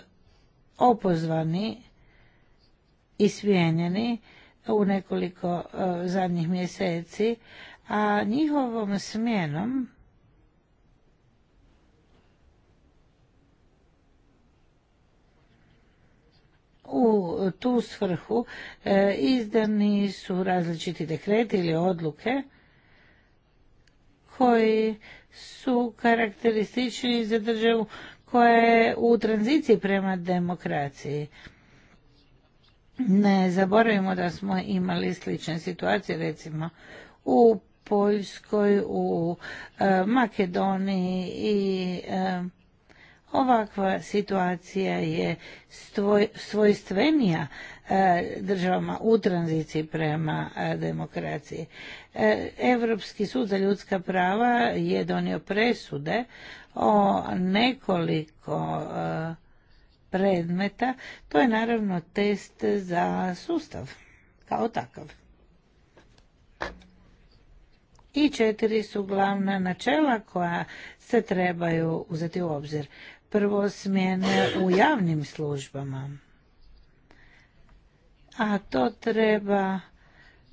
opozvani i smijenjeni u nekoliko e, zadnjih mjeseci, a njihovom smjenom u tu svrhu e, izdani su različiti dekreti ili odluke koji su karakteristični za državu koja je u tranziciji prema demokraciji. Ne zaboravimo da smo imali slične situacije, recimo u Poljskoj, u e, Makedoniji i e, ovakva situacija je svojstvenija E, državama u tranziciji prema e, demokraciji. Europski sud za ljudska prava je donio presude o nekoliko e, predmeta. To je naravno test za sustav kao takav. I četiri su glavna načela koja se trebaju uzeti u obzir. Prvo smjene u javnim službama a to treba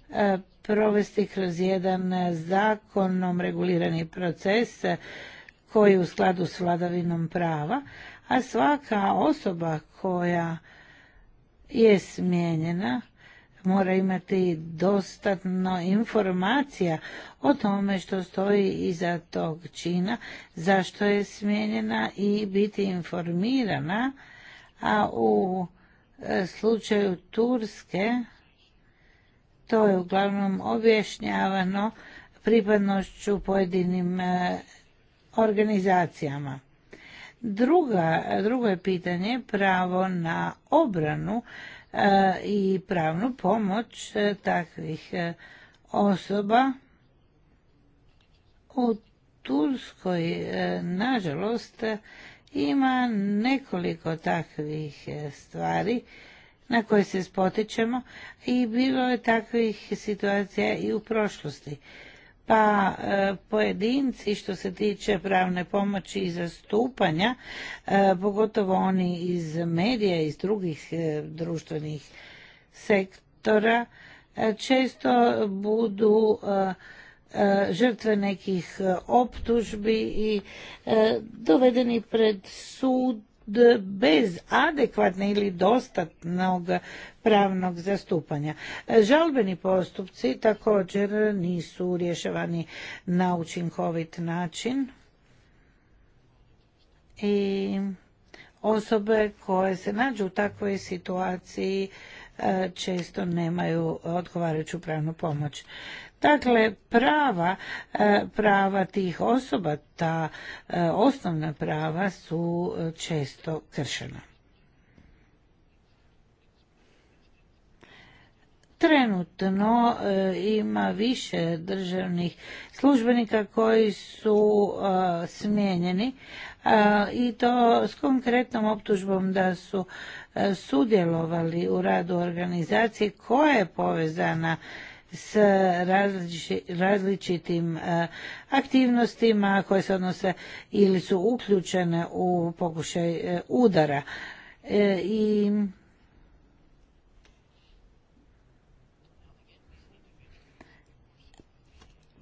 e, provesti kroz jedan zakonom regulirani proces e, koji je u skladu s vladavinom prava, a svaka osoba koja je smijenjena mora imati dostatno informacija o tome što stoji iza tog čina, zašto je smijenjena i biti informirana, a u E, slučaju Turske to je uglavnom objašnjavano pripadnošću pojedinim e, organizacijama. Druga, drugo je pitanje pravo na obranu e, i pravnu pomoć takvih osoba. U Turskoj, nažalost, ima nekoliko takvih e, stvari na koje se spotičemo i bilo je takvih situacija i u prošlosti. Pa e, pojedinci što se tiče pravne pomoći i zastupanja, e, pogotovo oni iz medija, iz drugih društvenih sektora, često budu E, žrtve nekih e, optužbi i e, dovedeni pred sud bez adekvatne ili dostatnog pravnog zastupanja. Žalbeni postupci također nisu rješavani na učinkovit način i osobe koje se nađu u takvoj situaciji često nemaju odgovarajuću pravnu pomoć. Dakle, prava, e, prava tih osoba, ta e, osnovna prava su e, često kršena. trenutno ima više državnih službenika koji su smijenjeni i to s konkretnom optužbom da su sudjelovali u radu organizacije koja je povezana s različitim e, aktivnostima koje se odnose ili su uključene u pokušaj e, udara. E, I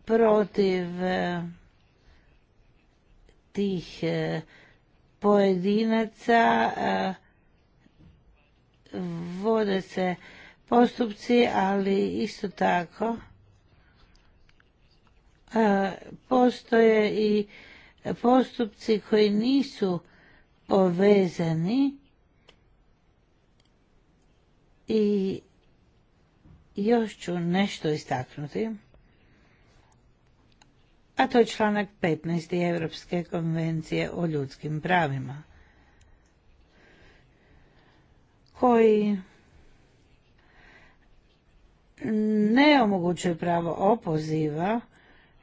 protiv tih pojedinaca vode se postupci, ali isto tako e, postoje i postupci koji nisu povezani i još ću nešto istaknuti. A to je članak 15. Europske konvencije o ljudskim pravima, koji ne omogućuje pravo opoziva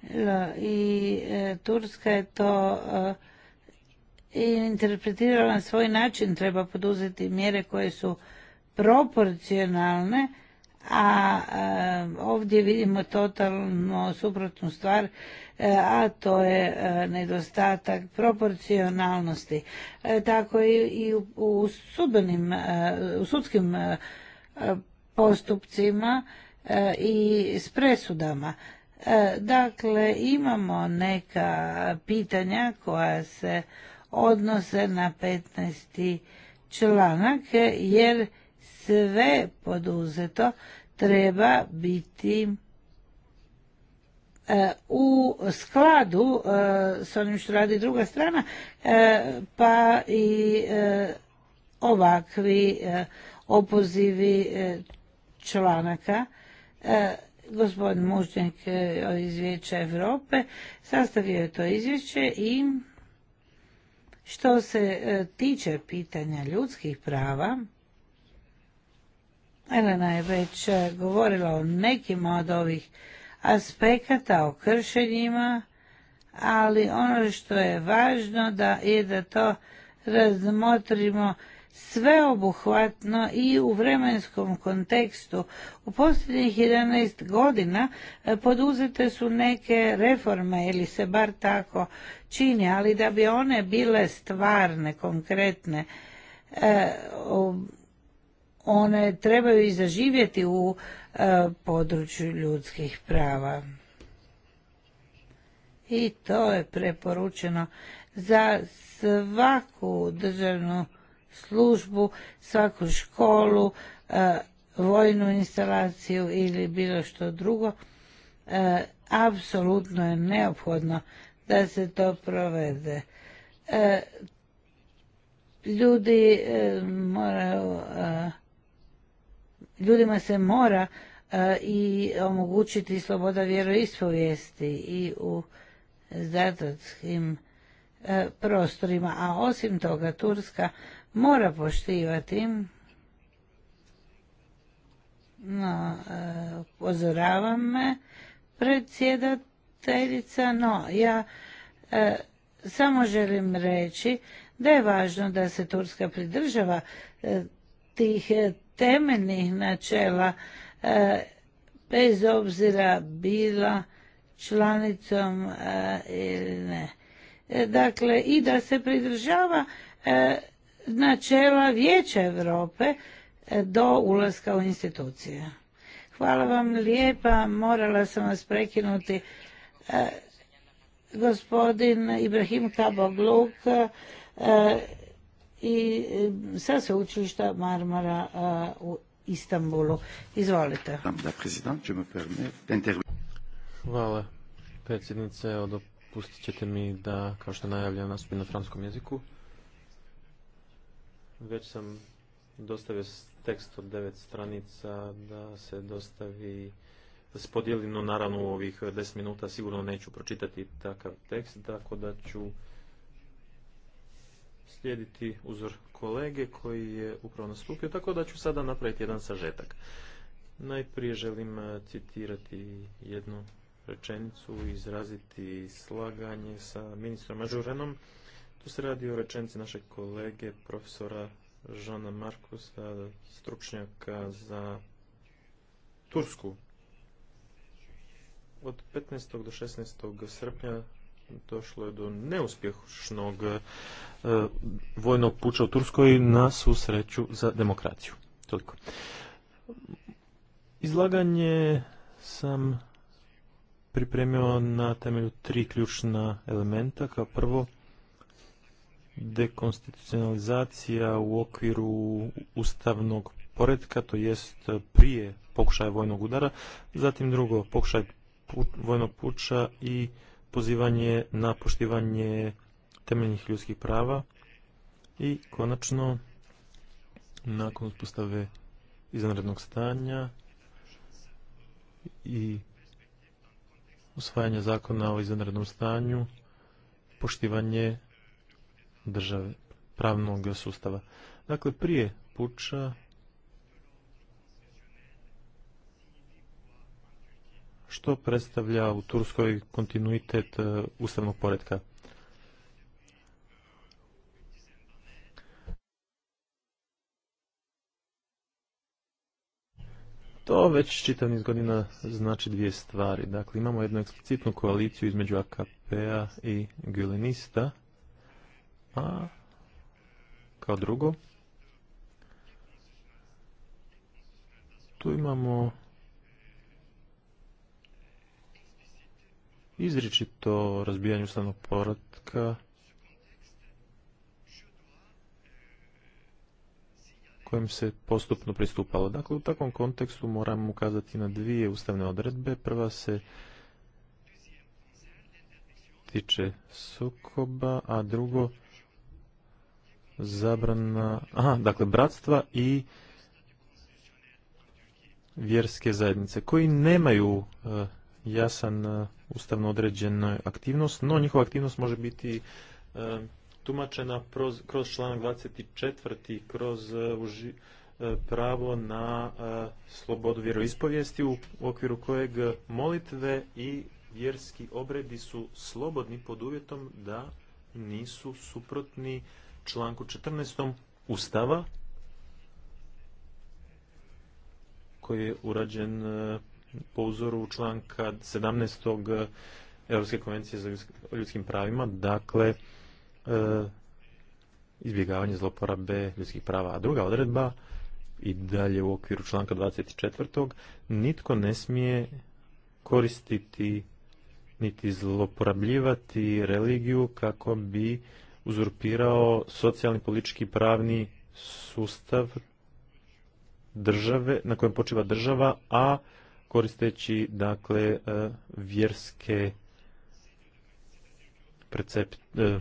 e, i e, Turska je to e, interpretirala na svoj način. Treba poduzeti mjere koje su proporcionalne, a ovdje vidimo totalno suprotnu stvar, a to je nedostatak proporcionalnosti. Tako i u, u sudskim postupcima E, i s presudama. E, dakle, imamo neka pitanja koja se odnose na 15. članak, jer sve poduzeto treba biti e, u skladu s onim što radi druga strana, pa i ovakvi opozivi članaka E, gospodin Muščenk e, iz Vijeća Europe sastavio je to izvješće i što se e, tiče pitanja ljudskih prava, Elena je već govorila o nekim od ovih aspekata, o kršenjima, ali ono što je važno da je da to razmotrimo sveobuhvatno i u vremenskom kontekstu. U posljednjih 11 godina e, poduzete su neke reforme ili se bar tako čini, ali da bi one bile stvarne, konkretne, e, one trebaju i zaživjeti u e, području ljudskih prava. I to je preporučeno za svaku državnu službu, svaku školu, e, vojnu instalaciju ili bilo što drugo, e, apsolutno je neophodno da se to provede. E, ljudi moraju, ljudima se mora i omogućiti sloboda vjeroispovijesti i u zatvorskim prostorima, a osim toga Turska mora poštivati. No, e, upozoravam me predsjedateljica, no ja e, samo želim reći da je važno da se Turska pridržava e, tih temeljnih načela bez obzira bila članicom ili ne. Dakle, i da se pridržava načela Vijeća Europe e, do ulaska u institucije. Hvala vam lijepa, morala sam vas prekinuti. E, gospodin Ibrahim Kabogluk e, i sa sveučilišta Marmara u Istanbulu. Izvolite. Hvala predsjednice, Odopustit ćete mi da, kao što najavljam, nastupim na franskom jeziku. Već sam dostavio tekst od devet stranica da se dostavi da se naravno u ovih deset minuta sigurno neću pročitati takav tekst, tako da ću slijediti uzor kolege koji je upravo nastupio, tako da ću sada napraviti jedan sažetak. Najprije želim e, citirati jednu rečenicu izraziti slaganje sa ministrom Ažurenom tu se radi o rečenci našeg kolege, profesora Žana Markusa, stručnjaka za Tursku. Od 15. do 16. srpnja došlo je do neuspješnog e, vojnog puča u Turskoj na susreću za demokraciju. Toliko. Izlaganje sam pripremio na temelju tri ključna elementa. Kao prvo, dekonstitucionalizacija u okviru ustavnog poredka, to jest eh, prije pokušaja vojnog udara, zatim drugo, pokušaj vojnog puča i pozivanje na poštivanje temeljnih ljudskih prava i konačno nakon uspostave izvanrednog stanja i usvajanje zakona o izvanrednom stanju poštivanje države, pravnog sustava. Dakle, prije puča što predstavlja u Turskoj kontinuitet e, ustavnog poredka. To već čitav niz godina znači dvije stvari. Dakle, imamo jednu eksplicitnu koaliciju između AKP-a i Gülenista, a kao drugo, tu imamo izričito razbijanje ustavnog poradka kojem se postupno pristupalo. Dakle, u takvom kontekstu moram ukazati na dvije ustavne odredbe. Prva se tiče sukoba, a drugo zabrana, aha, dakle, bratstva i vjerske zajednice, koji nemaju e, jasan e, ustavno određen aktivnost, no njihova aktivnost može biti e, tumačena kroz članak 24. kroz pravo na slobodu vjeroispovijesti u okviru kojeg molitve i vjerski obredi su slobodni pod uvjetom da nisu suprotni članku 14. Ustava koji je urađen e, po uzoru članka 17. Europske konvencije za ljudskim pravima, dakle e, izbjegavanje zloporabe ljudskih prava. A druga odredba i dalje u okviru članka 24. nitko ne smije koristiti niti zloporabljivati religiju kako bi uzurpirao socijalni, politički, pravni sustav države, na kojem počiva država, a koristeći dakle e, vjerske precept, e,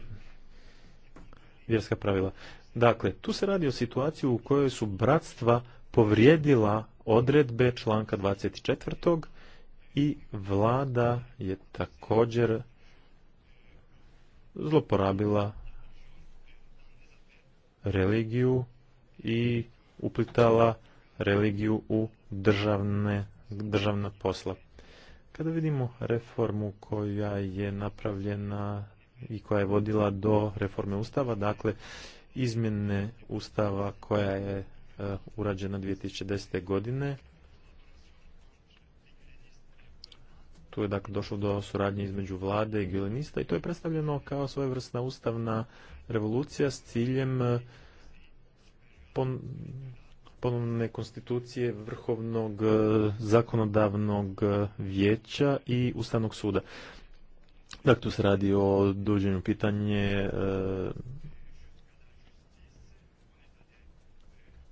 vjerska pravila. Dakle, tu se radi o situaciji u kojoj su bratstva povrijedila odredbe članka 24. i vlada je također zloporabila religiju i uplitala religiju u državne, državna posla. Kada vidimo reformu koja je napravljena i koja je vodila do reforme Ustava, dakle izmjene Ustava koja je e, urađena 2010. godine, Tu je dakle došlo do suradnje između vlade i gilenista i to je predstavljeno kao svojevrsna ustavna revolucija s ciljem e, pon ponovne konstitucije vrhovnog e, zakonodavnog e, vijeća i ustavnog suda. Dakle, tu se radi o duđenju pitanje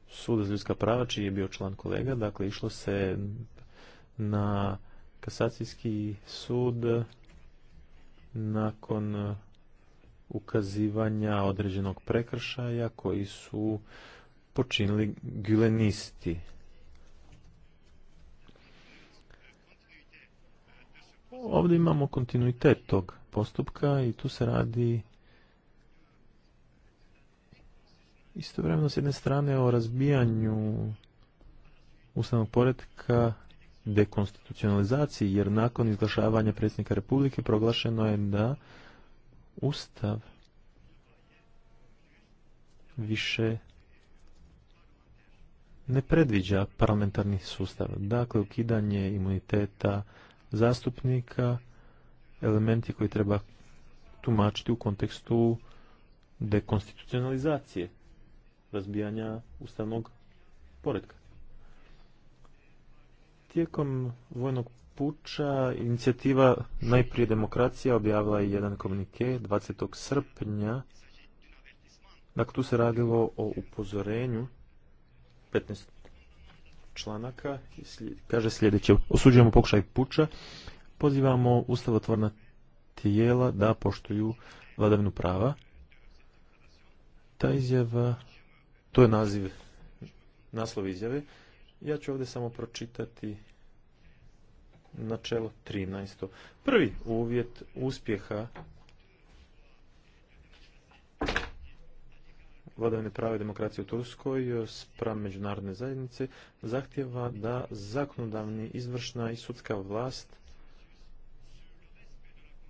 suda za ljudska prava, čiji je bio član kolega. Dakle, išlo se na Kasacijski sud nakon e, ukazivanja određenog prekršaja koji su počinili gulenisti. Ovdje imamo kontinuitet tog postupka i tu se radi istovremeno s jedne strane o razbijanju ustavnog poredka dekonstitucionalizaciji, jer nakon izglašavanja predsjednika Republike proglašeno je da Ustav više ne predviđa parlamentarni sustav. Dakle, ukidanje imuniteta zastupnika, elementi koji treba tumačiti u kontekstu dekonstitucionalizacije, razbijanja ustavnog poredka. Tijekom vojnog puča inicijativa Najprije demokracija objavila je jedan komunike 20. srpnja. Dakle, tu se radilo o upozorenju 15 članaka. Kaže sljedeće, osuđujemo pokušaj puča, pozivamo ustavotvorna tijela da poštuju vladavinu prava. Ta izjava, to je naziv, naslov izjave. Ja ću ovdje samo pročitati načelo 13. Prvi uvjet uspjeha vladavine prave demokracije u Turskoj sprem međunarodne zajednice zahtjeva da zakonodavni, izvršna i sudska vlast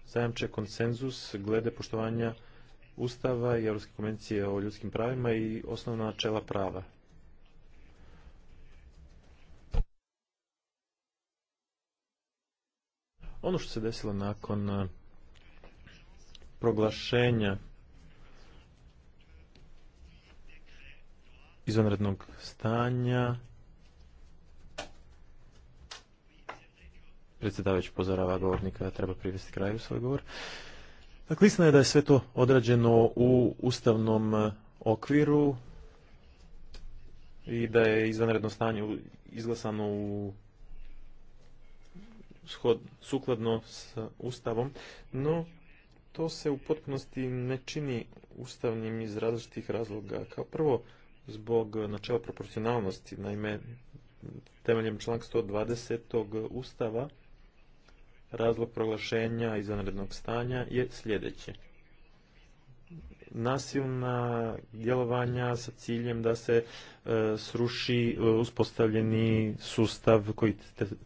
zajamče konsenzus glede poštovanja Ustava i Europske konvencije o ljudskim pravima i osnovna načela prava. Ono što se desilo nakon e, proglašenja izvanrednog stanja predsjedavajući pozorava govornika da treba privesti kraju svoj govor. Dakle, istina je da je sve to odrađeno u ustavnom e, okviru i da je izvanredno stanje izglasano u shod, sukladno s Ustavom, no to se u potpunosti ne čini ustavnim iz različitih razloga. Kao prvo, zbog načela proporcionalnosti, naime, temeljem članka 120. Ustava, razlog proglašenja izvanrednog stanja je sljedeće. Nasilna djelovanja sa ciljem da se e, sruši e, uspostavljeni sustav koji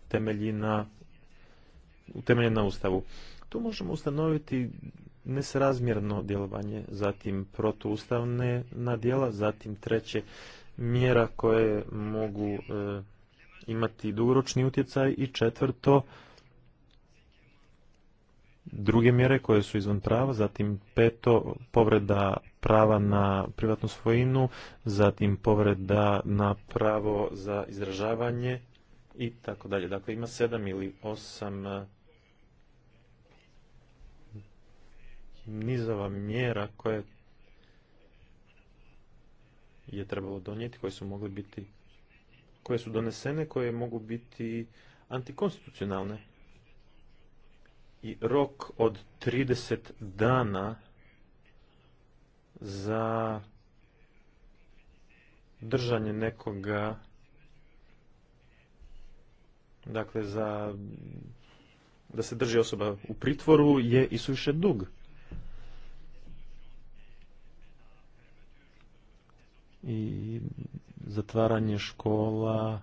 temelji na utemeljen na Ustavu. Tu možemo ustanoviti nesrazmjerno djelovanje, zatim protuustavne nadjela, zatim treće mjera koje mogu e, imati dugoročni utjecaj i četvrto druge mjere koje su izvan prava, zatim peto povreda prava na privatnu svojinu, zatim povreda na pravo za izražavanje i tako dalje. Dakle, ima sedam ili osam e, nizova mjera koje je trebalo donijeti, koje su mogle biti, koje su donesene, koje mogu biti antikonstitucionalne. I rok od 30 dana za držanje nekoga dakle za da se drži osoba u pritvoru je i suviše dug. i zatvaranje škola,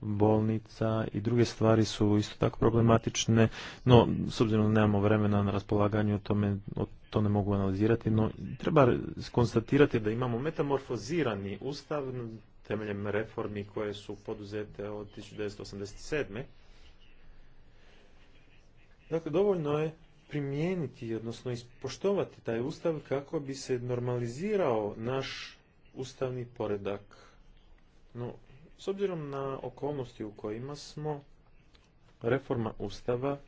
bolnica i druge stvari su isto tako problematične, no s obzirom da nemamo vremena na raspolaganju, o tome, to ne mogu analizirati, no treba konstatirati da imamo metamorfozirani ustav temeljem reformi koje su poduzete od 1987. Dakle, dovoljno je primijeniti, odnosno ispoštovati taj ustav kako bi se normalizirao naš ustavni poredak. No, s obzirom na okolnosti u kojima smo, reforma ustava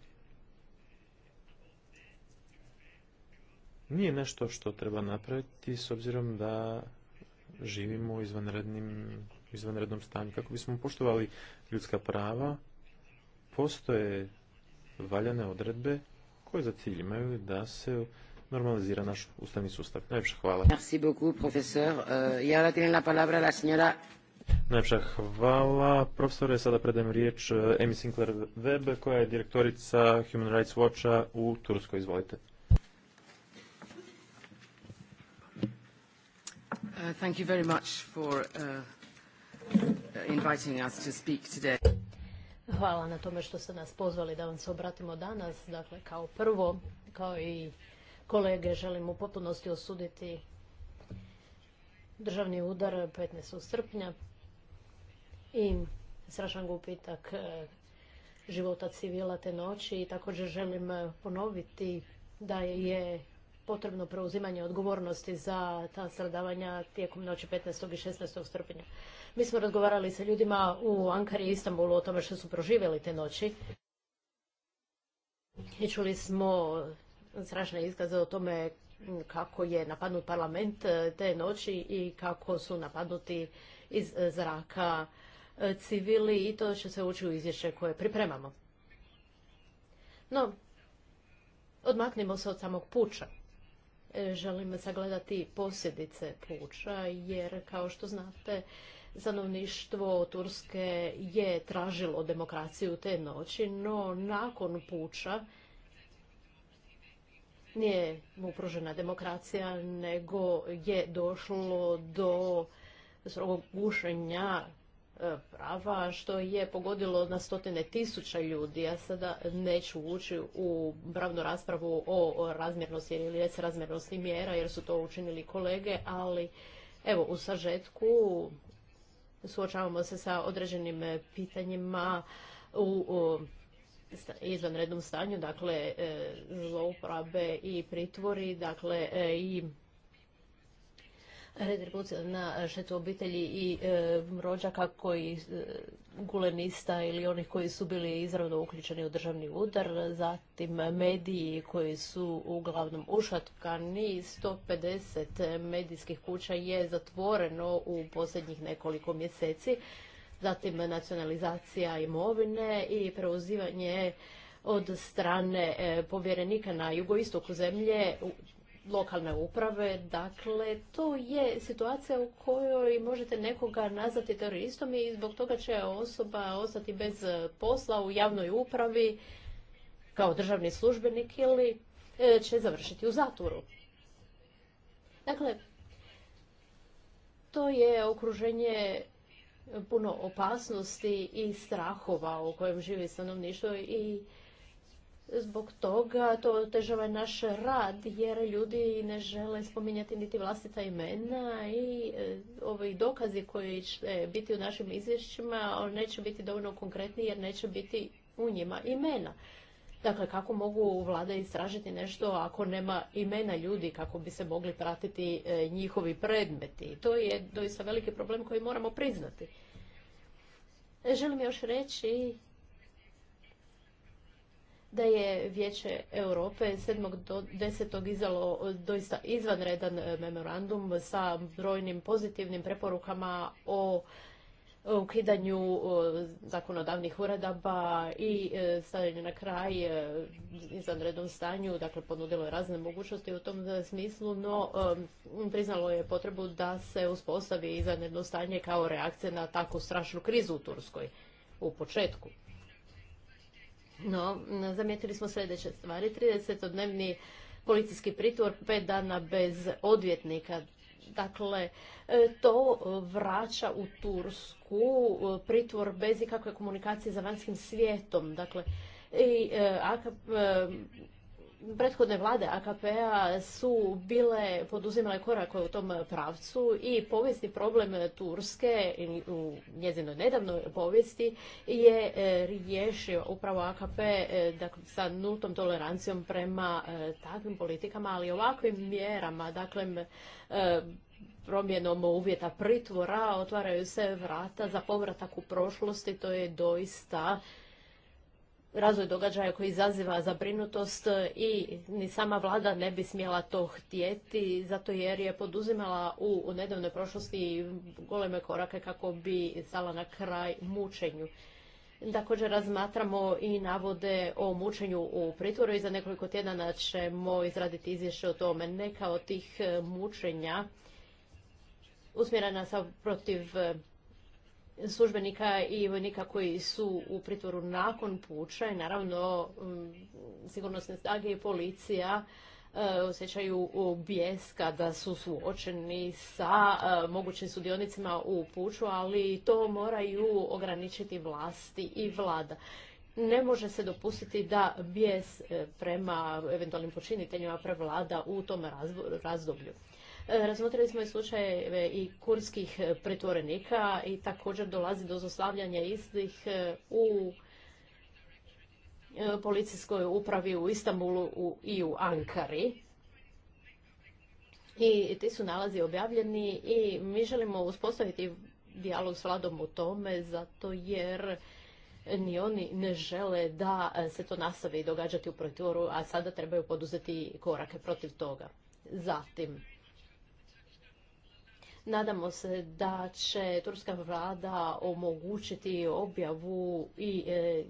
nije nešto što treba napraviti s obzirom da živimo u izvanrednim, izvanrednom stanju. Kako bismo poštovali ljudska prava, postoje valjane odredbe koje za cilj imaju da se normalizira naš ustavni sustav. Najljepša hvala. Merci beaucoup, profesor. Uh, ja tiene la palabra la señora Najpša hvala. Profesore, sada predajem riječ eh, Amy Sinclair Web, koja je direktorica Human Rights Watcha u Turskoj. Izvolite. Uh, thank you very much for uh, inviting us to speak today. Hvala na tome što ste nas pozvali da vam se obratimo danas. Dakle, kao prvo, kao i kolege želim u potpunosti osuditi državni udar 15. srpnja i strašan gupitak e, života civila te noći i također želim e, ponoviti da je potrebno preuzimanje odgovornosti za ta stradavanja tijekom noći 15. i 16. srpnja. Mi smo razgovarali sa ljudima u Ankari i Istanbulu o tome što su proživjeli te noći. I čuli smo strašne iskaze o tome kako je napadnut parlament e, te noći i kako su napadnuti iz e, zraka e, civili i to će se ući u izvješće koje pripremamo. No, odmaknimo se od samog puča. Želim sagledati posljedice puča jer kao što znate stanovništvo Turske je tražilo demokraciju te noći, no nakon puča nije upružena demokracija, nego je došlo do strogog gušenja e, prava, što je pogodilo na stotine tisuća ljudi. Ja sada neću ući u pravnu raspravu o razmjernosti ili razmjernosti mjera, jer su to učinili kolege, ali evo u sažetku suočavamo se sa određenim pitanjima u izvanrednom stanju, dakle e, zlouporabe i pritvori, dakle e, i retribucija na štetu obitelji i e, rođaka koji gulenista ili onih koji su bili izravno uključeni u državni udar, zatim mediji koji su uglavnom ušatkani, 150 medijskih kuća je zatvoreno u posljednjih nekoliko mjeseci zatim nacionalizacija imovine i preuzivanje od strane e, povjerenika na jugoistoku zemlje lokalne uprave. Dakle, to je situacija u kojoj možete nekoga nazvati teroristom i zbog toga će osoba ostati bez posla u javnoj upravi kao državni službenik ili e, će završiti u zatvoru. Dakle, to je okruženje puno opasnosti i strahova u kojem živi stanovništvo i zbog toga to otežava naš rad jer ljudi ne žele spominjati niti vlastita imena i e, ovi dokazi koji će biti u našim izvješćima neće biti dovoljno konkretni jer neće biti u njima imena. Dakle, kako mogu vlade istražiti nešto ako nema imena ljudi kako bi se mogli pratiti e, njihovi predmeti? To je doista veliki problem koji moramo priznati. E, želim još reći da je Vijeće Europe 7. do 10. izdalo doista izvanredan e, memorandum sa brojnim pozitivnim preporukama o ukidanju zakonodavnih uredaba i e, stavljanju na kraj e, izvanrednom stanju, dakle ponudilo je razne mogućnosti u tom smislu, no e, priznalo je potrebu da se uspostavi izvanredno stanje kao reakcija na takvu strašnu krizu u Turskoj u početku. No, zamijetili smo sljedeće stvari. 30-dnevni policijski pritvor, pet dana bez odvjetnika. Dakle, e, to vraća u Tursku e, pritvor bez ikakve komunikacije za vanjskim svijetom. Dakle, i e, prethodne vlade AKP-a su bile poduzimale korake u tom pravcu i povijesni problem Turske u njezinoj nedavnoj povijesti je e, riješio upravo e, AKP sa nultom tolerancijom prema e, takvim politikama, ali ovakvim mjerama, dakle promjenom uvjeta pritvora otvaraju se vrata za povratak u prošlosti, to je doista razvoj događaja koji izaziva zabrinutost i ni sama vlada ne bi smjela to htjeti zato jer je poduzimala u, nedavnoj prošlosti goleme korake kako bi stala na kraj mučenju. Također razmatramo i navode o mučenju u pritvoru i za nekoliko tjedana ćemo izraditi izvješće o tome. Neka od tih mučenja usmjerena sa protiv službenika i vojnika koji su u pritvoru nakon puča i naravno mm, sigurnosne snage i policija e, osjećaju bijes kada su suočeni sa e, mogućim sudionicima u puču, ali to moraju ograničiti vlasti i vlada. Ne može se dopustiti da bijes e, prema eventualnim počiniteljima prevlada u tom razdoblju. E, razmotrili smo i slučajeve i kurskih e, pretvorenika i također dolazi do zlostavljanja istih e, u policijskoj upravi u Istanbulu i u Ankari. I ti su nalazi objavljeni i mi želimo uspostaviti dijalog s vladom u tome zato jer ni oni ne žele da se to nastavi događati u pretvoru, a sada trebaju poduzeti korake protiv toga. Zatim, Nadamo se da će turska vlada omogućiti objavu i e,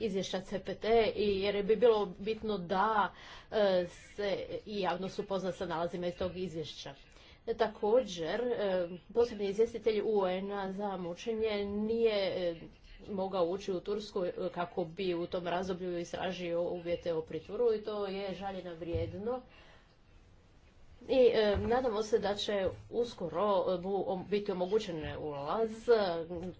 izvješća CPT i jer bi bilo bitno da e, se i javnost upozna sa nalazima iz tog izvješća. E, također, posebni izvjestitelj UN-a za mučenje nije mogao ući u Tursku kako bi u tom razdoblju istražio uvjete o pritvoru i to je žaljena vrijedno i e, nadamo se da će uskoro e, biti omogućen ulaz, e,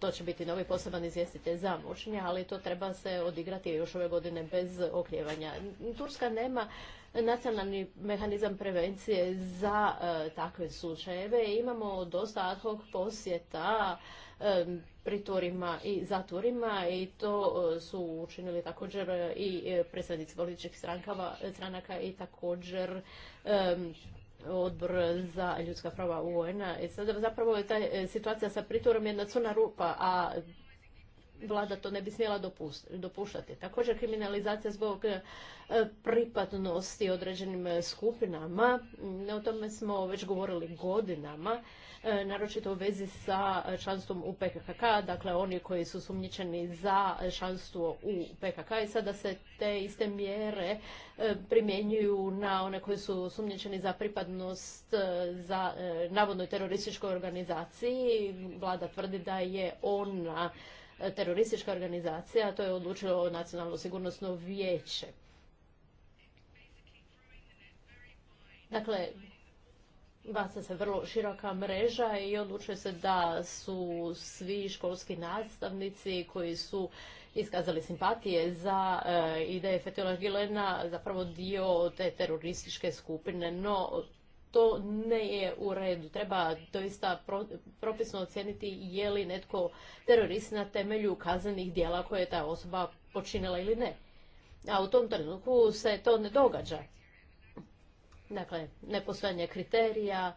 to će biti novi poseban izvjestitelj za mučenje, ali to treba se odigrati još ove godine bez okljevanja. Turska nema nacionalni mehanizam prevencije za takve slučajeve. Imamo dosta ad hoc posjeta e, pritvorima i zatvorima i to su učinili također i predstavnici političkih stranaka i također odbor za ljudska prava UN-a. I sada zapravo je ta e, situacija sa pritvorom jedna crna rupa, a vlada to ne bi smjela dopuštati. Također kriminalizacija zbog e, pripadnosti određenim e, skupinama, o tome smo već govorili godinama, e, naročito u vezi sa članstvom u PKK, dakle oni koji su sumnjičeni za članstvo u PKK i sada se te iste mjere primjenjuju na one koji su sumnjičeni za pripadnost za navodnoj terorističkoj organizaciji. Vlada tvrdi da je ona teroristička organizacija, a to je odlučilo Nacionalno sigurnosno vijeće. Dakle, baca se vrlo široka mreža i odlučuje se da su svi školski nastavnici koji su iskazali simpatije za e, ideje Fetila Gilena zapravo dio te terorističke skupine, no to ne je u redu. Treba doista pro, propisno ocijeniti je li netko terorist na temelju kaznenih dijela koje je ta osoba počinila ili ne. A u tom trenutku se to ne događa. Dakle, nepostojanje kriterija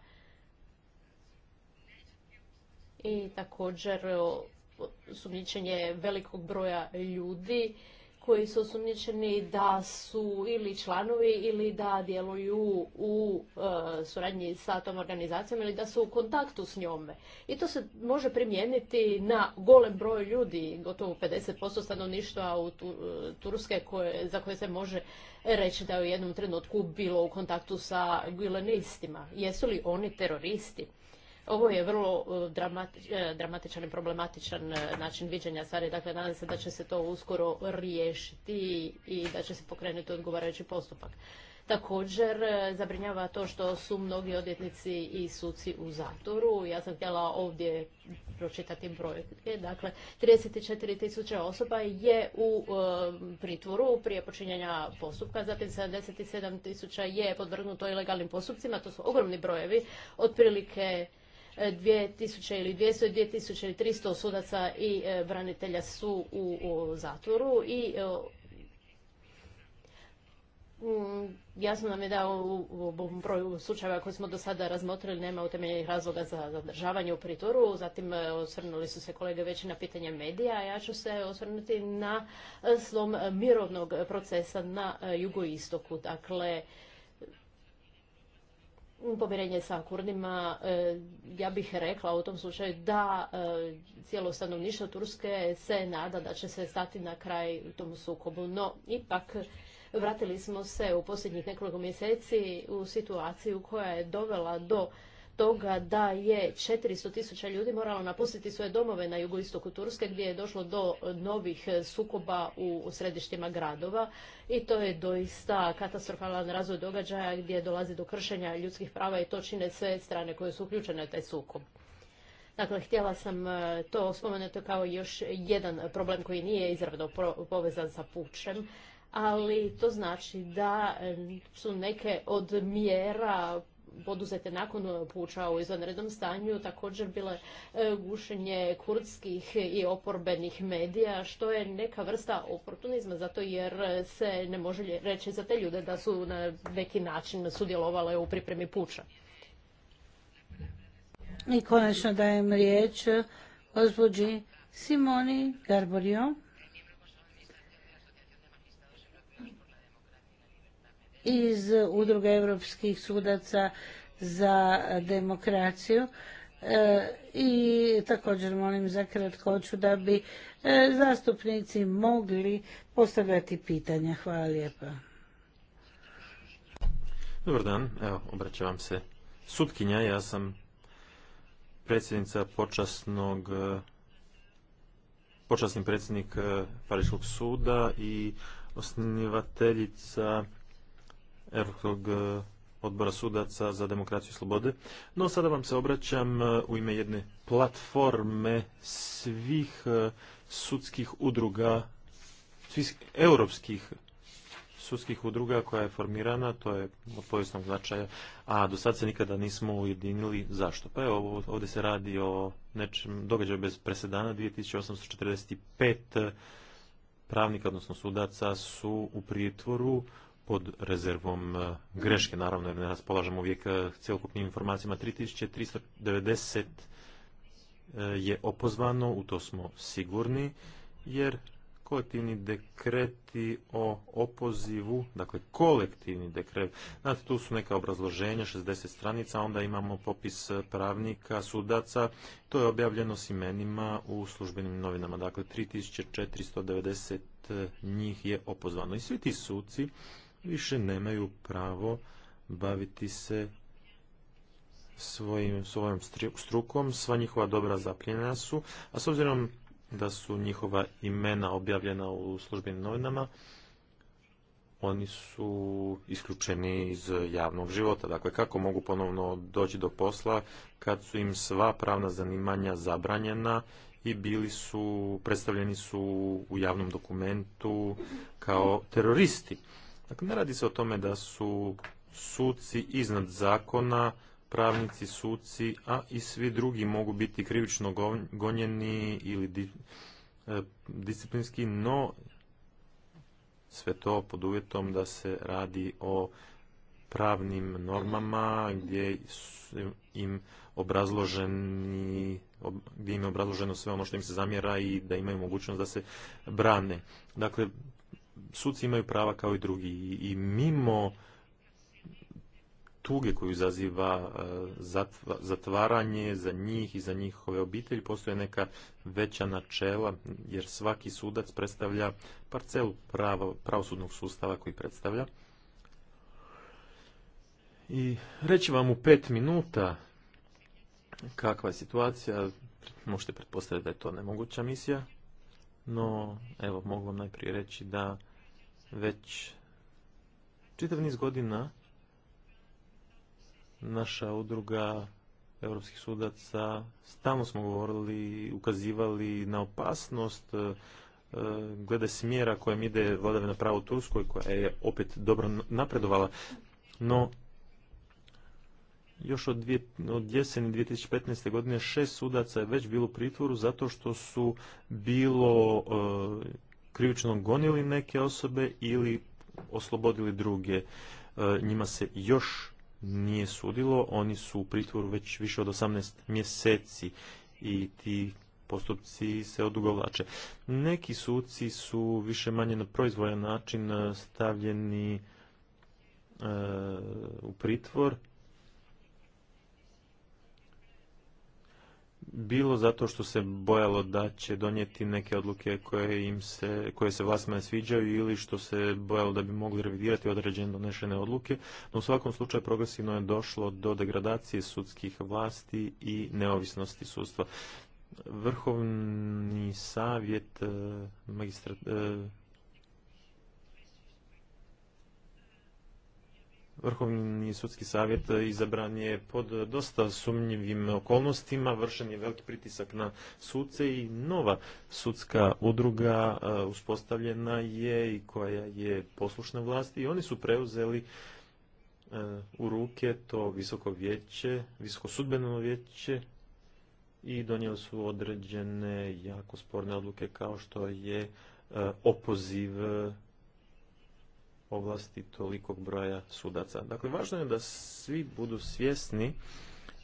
i također sumnjičenje velikog broja ljudi koji su osumnjičeni da su ili članovi ili da djeluju u e, suradnji sa tom organizacijom ili da su u kontaktu s njome. I to se može primijeniti na golem broj ljudi, gotovo 50% stanovništva u e, Turske koje, za koje se može reći da je u jednom trenutku bilo u kontaktu sa gulenistima. Jesu li oni teroristi? Ovo je vrlo e, e, dramatičan i problematičan e, način viđenja stvari. Dakle, nadam se da će se to uskoro riješiti i da će se pokrenuti odgovarajući postupak. Također, zabrinjava to što su mnogi odjetnici i suci u zatvoru. Ja sam htjela ovdje pročitati brojke. Dakle, 34.000 osoba je u pritvoru prije počinjenja postupka, zatim 77.000 je podvrgnuto ilegalnim postupcima, to su ogromni brojevi, otprilike 2000 ili 200, 2000 ili 300 sudaca i e, branitelja su u, zatvoru i e, mm, jasno nam je da u ovom broju slučajeva koje smo do sada razmotrili nema utemeljenih razloga za zadržavanje u pritvoru. Zatim e, osvrnuli su se kolege već na pitanje medija. Ja ću se osvrnuti na slom mirovnog procesa na jugoistoku. Dakle, pomirenje sa Kurdima, e, ja bih rekla u tom slučaju da e, cijelo stanovništvo Turske se nada da će se stati na kraj tom sukobu. No, ipak vratili smo se u posljednjih nekoliko mjeseci u situaciju koja je dovela do toga da je 400 tisuća ljudi moralo napustiti svoje domove na jugoistoku Turske gdje je došlo do novih sukoba u središtima gradova i to je doista katastrofalan razvoj događaja gdje dolazi do kršenja ljudskih prava i to sve strane koje su uključene u taj sukob. Dakle, htjela sam e, to spomenuti kao još jedan problem koji nije izravno povezan sa pučem, ali to znači da e, su neke od mjera poduzete nakon puča u izvanrednom stanju također bile e, gušenje kurdskih i oporbenih medija, što je neka vrsta oportunizma, zato jer se ne može reći za te ljude da su na neki način sudjelovale u pripremi puča. I konačno dajem riječ gospođi Simoni Garborio. iz Udruga europskih sudaca za demokraciju e, i također molim za kratkoću da bi e, zastupnici mogli postavljati pitanja. Hvala lijepa. Dobar dan, evo, obraćavam se sutkinja, ja sam predsjednica počasnog e, počasni predsjednik Pariškog suda i osnivateljica Europskog e, odbora sudaca za demokraciju i slobode. No sada vam se obraćam e, u ime jedne platforme svih e, sudskih udruga, svih europskih sudskih udruga koja je formirana, to je od povijesnog značaja, a do sad se nikada nismo ujedinili. Zašto? Pa evo, ovdje se radi o nečem događaju bez presedana, 2845 pravnika, odnosno sudaca, su u pritvoru pod rezervom e, greške, naravno jer ne raspolažemo uvijek e, cjelokupnim informacijama. 3390 e, je opozvano, u to smo sigurni, jer kolektivni dekreti o opozivu, dakle kolektivni dekret, Znači, tu su neka obrazloženja, 60 stranica, onda imamo popis pravnika, sudaca, to je objavljeno s imenima u službenim novinama, dakle 3490 njih je opozvano. I svi ti suci više nemaju pravo baviti se svojim, svojom strukom, sva njihova dobra zapljena su, a s obzirom da su njihova imena objavljena u službenim novinama, oni su isključeni iz javnog života. Dakle, kako mogu ponovno doći do posla kad su im sva pravna zanimanja zabranjena i bili su, predstavljeni su u javnom dokumentu kao teroristi. Dakle, ne radi se o tome da su suci iznad zakona, pravnici, suci, a i svi drugi mogu biti krivično gonjeni ili e, disciplinski, no sve to pod uvjetom da se radi o pravnim normama gdje im obrazloženi gdje im je obrazloženo sve ono što im se zamjera i da imaju mogućnost da se brane. Dakle, suci imaju prava kao i drugi i mimo tuge koju zaziva e, zatvaranje za njih i za njihove obitelji postoje neka veća načela jer svaki sudac predstavlja parcelu pravo, pravosudnog sustava koji predstavlja. I reći vam u pet minuta kakva je situacija, možete pretpostaviti da je to nemoguća misija, no evo mogu vam najprije reći da već čitav niz godina naša udruga europskih sudaca stalno smo govorili, ukazivali na opasnost e, glede smjera kojem ide vladavina pravo u Turskoj koja je opet dobro napredovala. No, još od, dvije, od jeseni 2015. godine šest sudaca je već bilo u pritvoru zato što su bilo e, krivično gonili neke osobe ili oslobodili druge. E, njima se još nije sudilo, oni su u pritvoru već više od 18 mjeseci i ti postupci se odugovlače. Neki suci su više manje na proizvojan način e, stavljeni e, u pritvor bilo zato što se bojalo da će donijeti neke odluke koje, im se, koje se vlastima ne sviđaju ili što se bojalo da bi mogli revidirati određene donešene odluke, no u svakom slučaju progresivno je došlo do degradacije sudskih vlasti i neovisnosti sudstva. Vrhovni savjet eh, magistrat eh, Vrhovni sudski savjet izabran je pod dosta sumnjivim okolnostima, vršen je veliki pritisak na suce i nova sudska udruga e, uspostavljena je i koja je poslušna vlasti i oni su preuzeli e, u ruke to visoko vijeće, visoko sudbeno vijeće i donijeli su određene jako sporne odluke kao što je e, opoziv ovlasti tolikog broja sudaca. Dakle, važno je da svi budu svjesni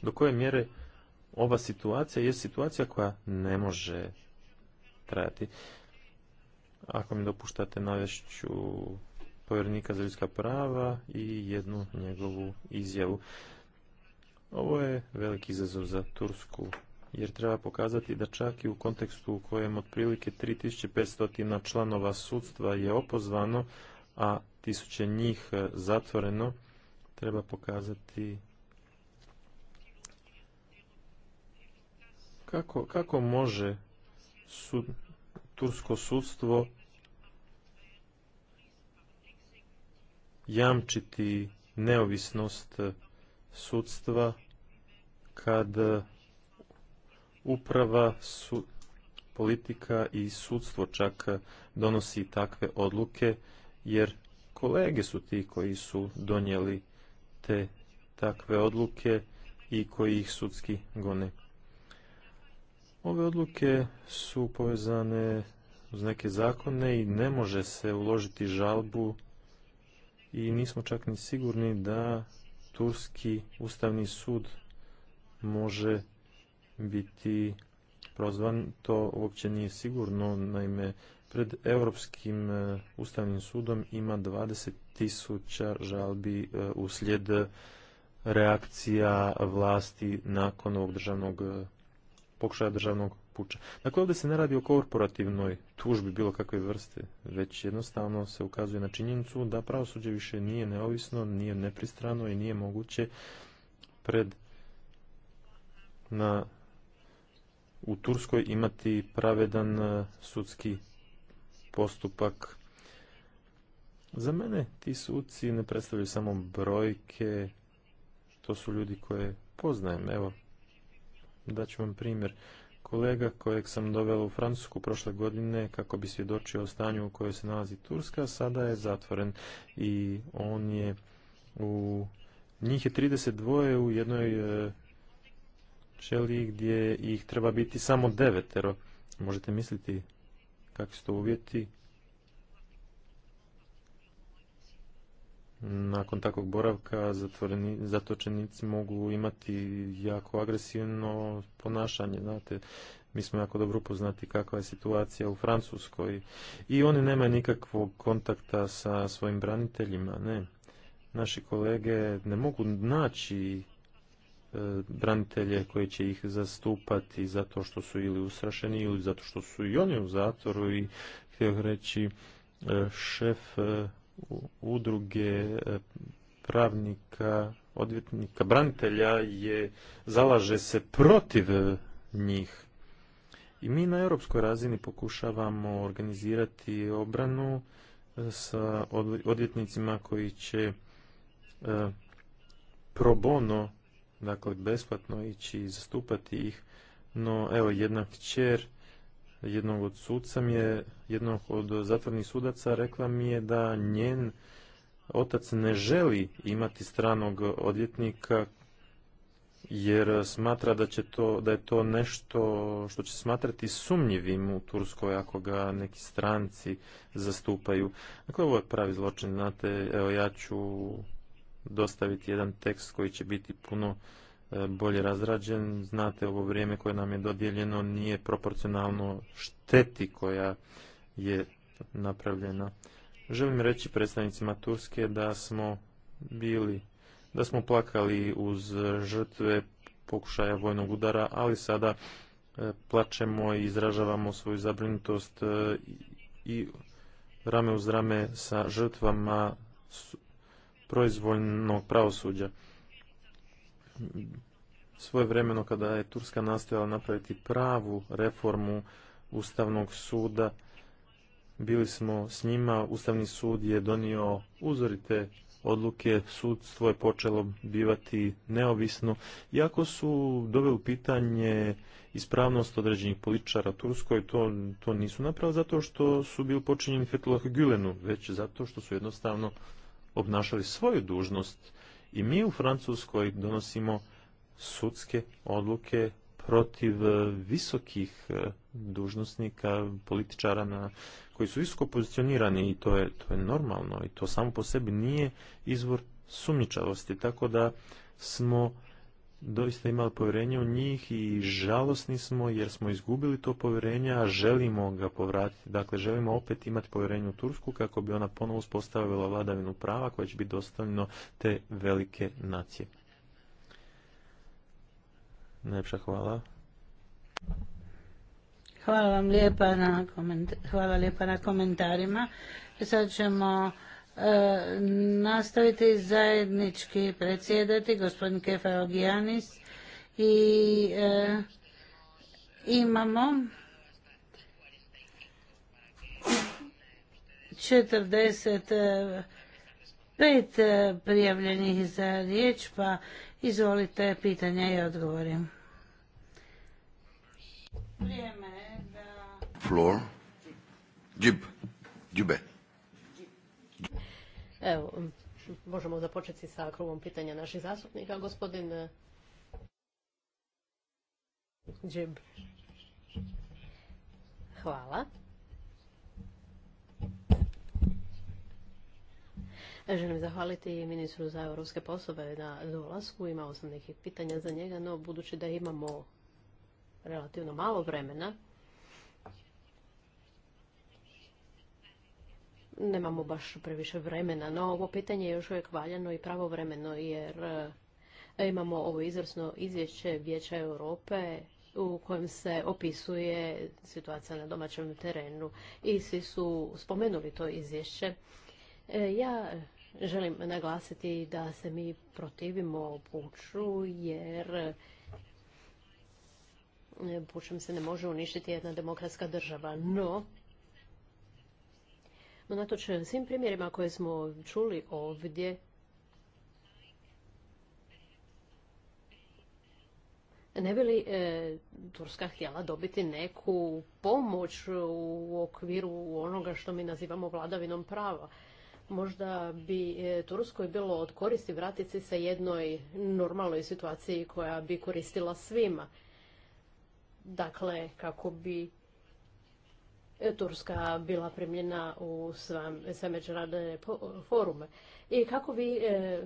do koje mjere ova situacija je situacija koja ne može trajati. Ako mi dopuštate, navješću povjernika za ljudska prava i jednu njegovu izjavu. Ovo je veliki izazov za Tursku, jer treba pokazati da čak i u kontekstu u kojem otprilike 3500 članova sudstva je opozvano, a tisuće njih e, zatvoreno, treba pokazati kako, kako može tursko sudstvo jamčiti neovisnost sudstva kad uprava su, politika i sudstvo čak donosi takve odluke jer kolege su ti koji su donijeli te takve odluke i koji ih sudski gone. Ove odluke su povezane uz neke zakone i ne može se uložiti žalbu i nismo čak ni sigurni da Turski ustavni sud može biti prozvan. To uopće nije sigurno, naime Pred Europskim e, ustavnim sudom ima 20.000 žalbi e, uslijed reakcija vlasti nakon ovog državnog e, pokušaja državnog puča. Dakle, ovdje se ne radi o korporativnoj tužbi bilo kakve vrste, već jednostavno se ukazuje na činjenicu da pravosuđe više nije neovisno, nije nepristrano i nije moguće pred na u Turskoj imati pravedan sudski postupak. Za mene ti suci ne predstavljaju samo brojke, to su ljudi koje poznajem. Evo, daću vam primjer. Kolega kojeg sam dovela u Francusku prošle godine kako bi svjedočio o stanju u kojoj se nalazi Turska, sada je zatvoren i on je u... Njih je 32 u jednoj e, čeliji gdje ih treba biti samo devetero. Možete misliti kakvi su to uvjeti. Nakon takvog boravka zatočenici mogu imati jako agresivno ponašanje, znate, mi smo jako dobro upoznati kakva je situacija u Francuskoj i oni nemaju nikakvog kontakta sa svojim braniteljima, ne. Naši kolege ne mogu naći E, branitelje koji će ih zastupati zato što su ili usrašeni ili zato što su i oni u zatvoru i htio reći e, šef e, udruge pravnika, odvjetnika, branitelja je, zalaže se protiv njih. I mi na europskoj razini pokušavamo organizirati obranu sa odvjetnicima koji će pro bono dakle besplatno ići i zastupati ih, no evo jedna kćer jednog od suca mi je, jednog od zatvornih sudaca rekla mi je da njen otac ne želi imati stranog odvjetnika jer smatra da, će to, da je to nešto što će smatrati sumnjivim u Turskoj ako ga neki stranci zastupaju. Dakle, ovo je pravi zločin, znate, evo ja ću dostaviti jedan tekst koji će biti puno e, bolje razrađen. Znate, ovo vrijeme koje nam je dodijeljeno nije proporcionalno šteti koja je napravljena. Želim reći predstavnicima Turske da smo bili, da smo plakali uz žrtve pokušaja vojnog udara, ali sada e, plačemo i izražavamo svoju zabrinutost e, i rame uz rame sa žrtvama proizvoljnog pravosuđa. Svoje vremeno kada je Turska nastojala napraviti pravu reformu Ustavnog suda, bili smo s njima, Ustavni sud je donio uzorite odluke, sudstvo je počelo bivati neovisno, iako su doveli u pitanje ispravnost određenih političara Turskoj, to, to nisu napravili zato što su bili počinjeni Fethullah Gülenu, već zato što su jednostavno obnašali svoju dužnost i mi u Francuskoj donosimo sudske odluke protiv e, visokih e, dužnosnika, političara na, koji su visoko pozicionirani i to je, to je normalno i to samo po sebi nije izvor sumničavosti, tako da smo doista imali povjerenje u njih i žalosni smo jer smo izgubili to povjerenje, a želimo ga povratiti. Dakle, želimo opet imati povjerenje u Tursku kako bi ona ponovo uspostavila vladavinu prava koja će biti dostavljeno te velike nacije. Najljepša hvala. Hvala vam na, hvala lijepa na komentarima. Sad ćemo nastaviti zajednički predsjedati gospodin Ogijanis i e, imamo 45 prijavljenih za riječ, pa izvolite pitanja i odgovorim. Vrijeme da... Floor. Džib. Džibe. Evo, možemo započeti sa krugom pitanja naših zastupnika. Gospodin eh, Džib. Hvala. Želim zahvaliti ministru za europske poslove na dolasku. Imao sam nekih pitanja za njega, no budući da imamo relativno malo vremena, nemamo baš previše vremena, no ovo pitanje je još uvijek valjano i pravovremeno jer e, imamo ovo izvrsno izvješće Vijeća Europe u kojem se opisuje situacija na domaćem terenu i svi su spomenuli to izvješće. E, ja želim naglasiti da se mi protivimo puču jer e, pučem se ne može uništiti jedna demokratska država, no no, natoč svim primjerima koje smo čuli ovdje, Ne bi li e, Turska htjela dobiti neku pomoć u okviru onoga što mi nazivamo vladavinom prava? Možda bi e, Turskoj bilo od koristi vratiti se jednoj normalnoj situaciji koja bi koristila svima. Dakle, kako bi E, Turska bila primljena u sve međunarodne forume. I kako vi e,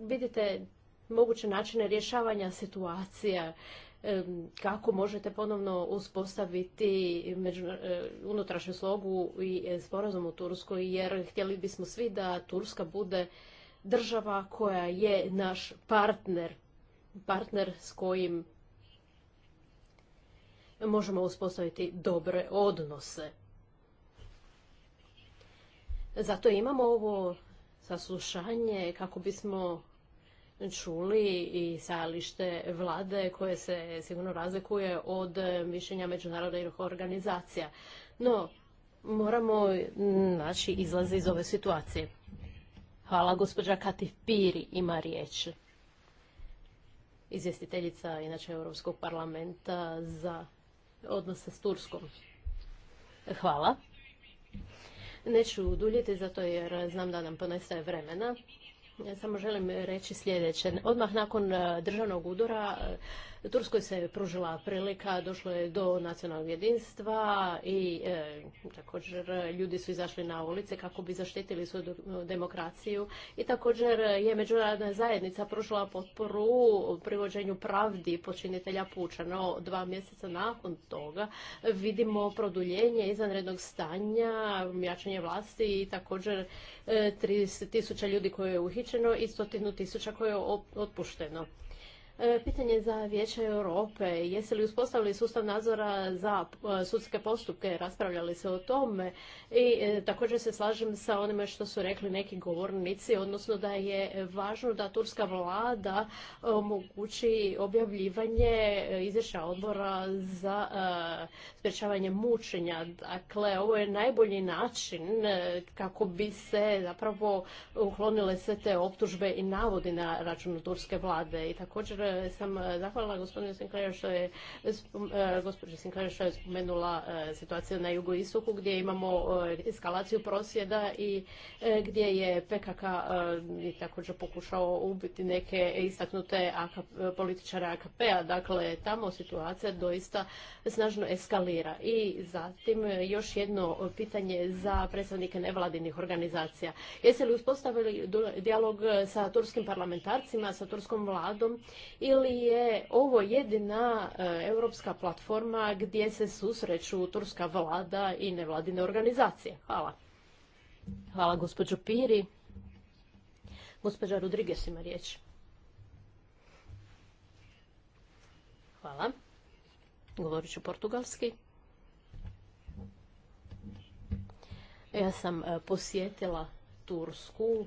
vidite moguće načine rješavanja situacija, e, kako možete ponovno uspostaviti unutrašnju slogu i sporazum u Turskoj, jer htjeli bismo svi da Turska bude država koja je naš partner, partner s kojim možemo uspostaviti dobre odnose. Zato imamo ovo saslušanje kako bismo čuli i stajalište vlade koje se sigurno razlikuje od mišljenja međunarodnih organizacija. No, moramo naći izlaze iz ove situacije. Hvala, gospođa Katif Piri ima riječ. Izvjestiteljica, inače, Europskog parlamenta za odnose s Turskom. Hvala. Neću duljiti zato jer znam da nam ponestaje vremena. Ja samo želim reći sljedeće. Odmah nakon e, državnog udora Turskoj se pružila prilika, došlo je do nacionalnog jedinstva i e, također ljudi su izašli na ulice kako bi zaštitili svoju demokraciju i također je međunarodna zajednica pružila potporu privođenju pravdi počinitelja puča. No, dva mjeseca nakon toga vidimo produljenje izvanrednog stanja, jačanje vlasti i također 30 e, tisuća ljudi koje je uhičeno i stotinu tisuća koje je otpušteno. E, pitanje za Vijeće Europe. Jeste li uspostavili sustav nadzora za e, sudske postupke? Raspravljali se o tome? I e, također se slažem sa onime što su rekli neki govornici, odnosno da je važno da turska vlada omogući objavljivanje izvješća odbora za sprječavanje mučenja. Dakle, ovo je najbolji način kako bi se zapravo uklonile sve te optužbe i navodi na račun turske vlade. I također E, sam e, zahvalila gospodinu Sinclair što je, e, gospođi Sinclair što je spomenula situaciju na jugu istoku gdje imamo eskalaciju prosvjeda i gdje je PKK također pokušao ubiti neke istaknute političare AKP-a. Dakle, tamo situacija doista snažno eskalira. I zatim još jedno pitanje za predstavnike nevladinih organizacija. Jeste li uspostavili dijalog sa turskim parlamentarcima, sa turskom vladom ili je ovo jedina e, europska platforma gdje se susreću turska vlada i nevladine organizacije? Hvala. Hvala gospođo Piri. Gospođa Rodriguez ima riječ. Hvala. Govorit ću portugalski. Ja sam e, posjetila Tursku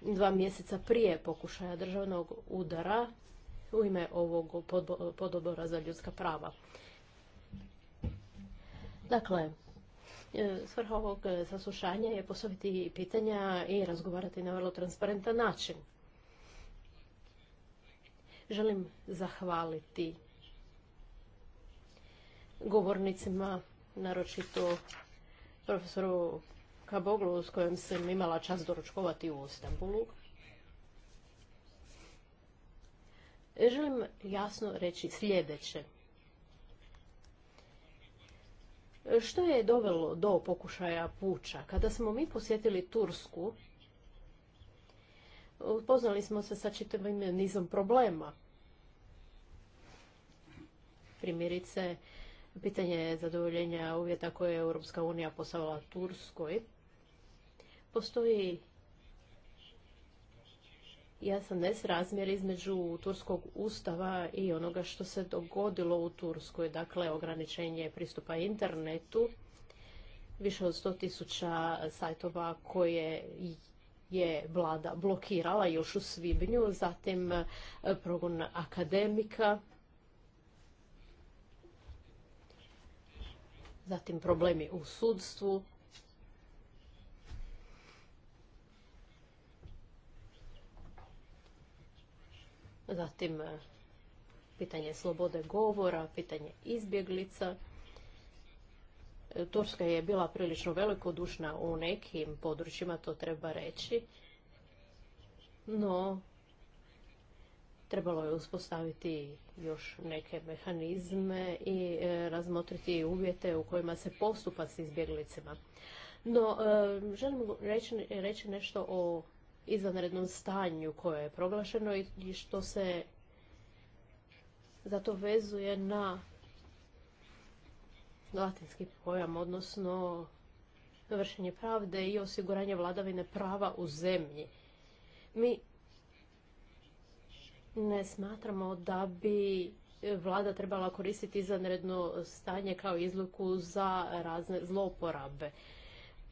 dva mjeseca prije pokušaja državnog udara u ime ovog podobora za ljudska prava. Dakle, e, svrha ovog saslušanja je postaviti pitanja i razgovarati na vrlo transparentan način. Želim zahvaliti govornicima, naročito profesoru Kaboglu s kojim sam imala čast doručkovati u Istanbulu. želim jasno reći sljedeće. Što je dovelo do pokušaja puča? Kada smo mi posjetili Tursku, upoznali smo se sa čitavim nizom problema. Primjerice, pitanje zadovoljenja uvjeta koje je Europska unija poslala Turskoj. Postoji ja sam nesrazmjer između turskog ustava i onoga što se dogodilo u Turskoj, dakle ograničenje pristupa internetu, više od 100.000 sajtova koje je vlada blokirala još u svibnju, zatim eh, progon akademika, zatim problemi u sudstvu, zatim e, pitanje slobode govora, pitanje izbjeglica. E, Turska je bila prilično velikodušna u nekim područjima, to treba reći, no trebalo je uspostaviti još neke mehanizme i e, razmotriti uvjete u kojima se postupa s izbjeglicima. No, želim reći, reći nešto o izvanrednom stanju koje je proglašeno i što se zato vezuje na latinski pojam, odnosno vršenje pravde i osiguranje vladavine prava u zemlji. Mi ne smatramo da bi vlada trebala koristiti izvanredno stanje kao izluku za razne zlouporabe.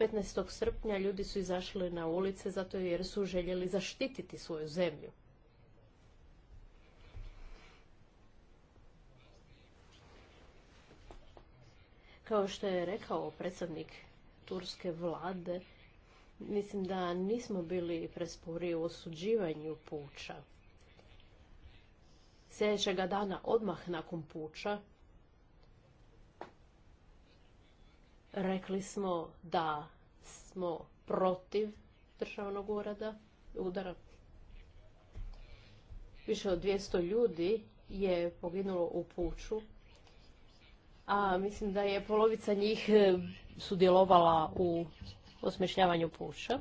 15. srpnja ljudi su izašli na ulice zato jer su željeli zaštititi svoju zemlju. Kao što je rekao predsjednik turske vlade, mislim da nismo bili prespori u osuđivanju puča. Sljedećega dana, odmah nakon puča, Rekli smo da smo protiv državnog urada, udara. Više od 200 ljudi je poginulo u puču, a mislim da je polovica njih e, sudjelovala u osmišljavanju puča.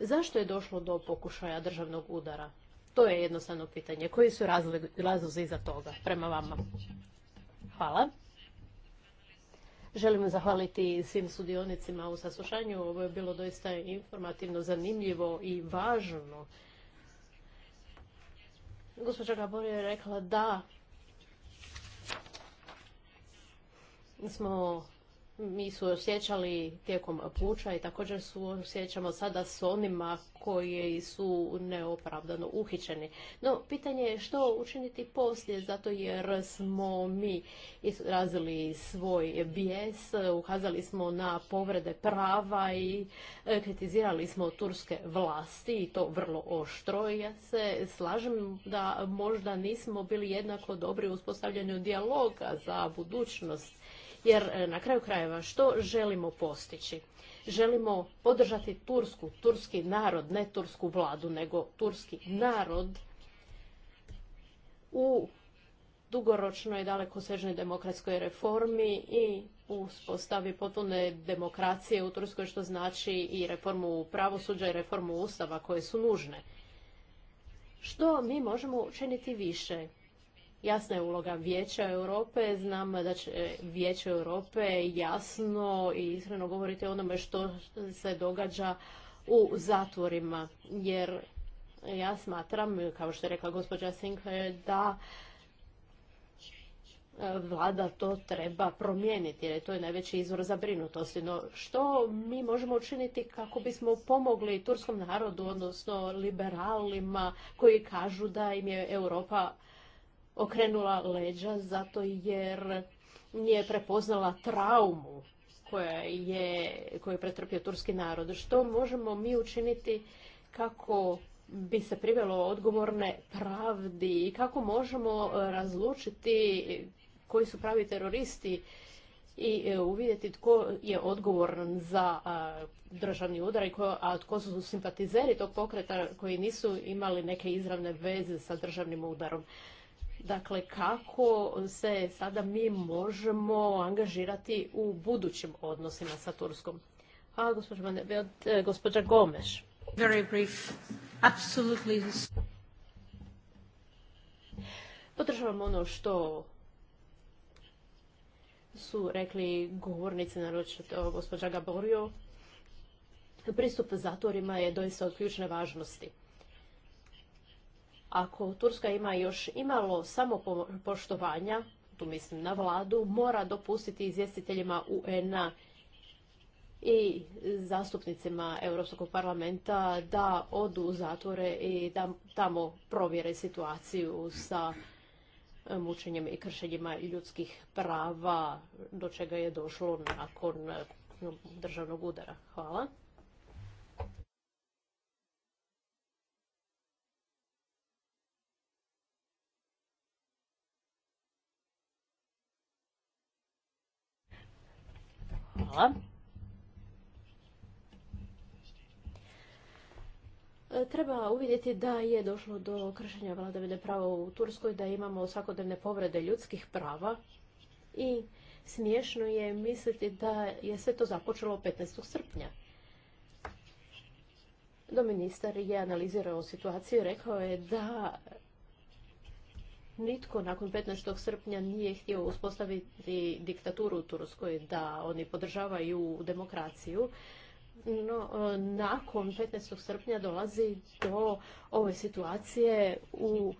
Zašto je došlo do pokušaja državnog udara? To je jednostavno pitanje. Koji su razlozi iza toga prema vama? Hvala. Želim zahvaliti svim sudionicima u saslušanju. Ovo je bilo doista informativno, zanimljivo i važno. Gospođa Gabor je rekla da smo mi su osjećali tijekom puča i također su osjećamo sada s onima koji su neopravdano uhićeni. No, pitanje je što učiniti poslije, zato jer smo mi izrazili svoj bijes, ukazali smo na povrede prava i e, kritizirali smo turske vlasti i to vrlo oštro. Ja se slažem da možda nismo bili jednako dobri u uspostavljanju dijaloga za budućnost jer e, na kraju krajeva što želimo postići? Želimo podržati Tursku, turski narod, ne tursku vladu, nego turski narod u dugoročnoj dalekosežnoj demokratskoj reformi i u uspostavi potpune demokracije u Turskoj, što znači i reformu pravosuđa i reformu ustava koje su nužne. Što mi možemo učiniti više? Jasna je uloga Vijeća Europe, znam da će Vijeće Europe jasno i iskreno govoriti o onome što se događa u zatvorima, jer ja smatram, kao što je rekla gospođa Sink, da e, vlada to treba promijeniti, jer to je najveći izvor zabrinutosti. No što mi možemo učiniti kako bismo pomogli turskom narodu, odnosno liberalima koji kažu da im je Europa okrenula leđa zato jer nije prepoznala traumu koja je, koju je pretrpio turski narod. Što možemo mi učiniti kako bi se privelo odgovorne pravdi i kako možemo razlučiti koji su pravi teroristi i e, uvidjeti tko je odgovoran za državni udar, a tko su simpatizeri tog pokreta koji nisu imali neke izravne veze sa državnim udarom. Dakle, kako se sada mi možemo angažirati u budućim odnosima sa Turskom? A gospođa, e, Gomeš. Very Podržavam ono što su rekli govornici, naročito gospođa Gaborio. Pristup zatvorima je doista od ključne važnosti. Ako Turska ima još imalo samopoštovanja, tu mislim na vladu, mora dopustiti izvjestiteljima UN-a i zastupnicima Europskog parlamenta da odu u zatvore i da tamo provjere situaciju sa e, mučenjem i kršenjima ljudskih prava do čega je došlo nakon e, državnog udara. Hvala. Hvala. E, treba uvidjeti da je došlo do kršenja vladavine prava u Turskoj, da imamo svakodnevne povrede ljudskih prava i smiješno je misliti da je sve to započelo 15. srpnja. Do ministar je analizirao situaciju i rekao je da nitko nakon 15. srpnja nije htio uspostaviti diktaturu u Turskoj, da oni podržavaju demokraciju. No, e, nakon 15. srpnja dolazi do ove situacije u,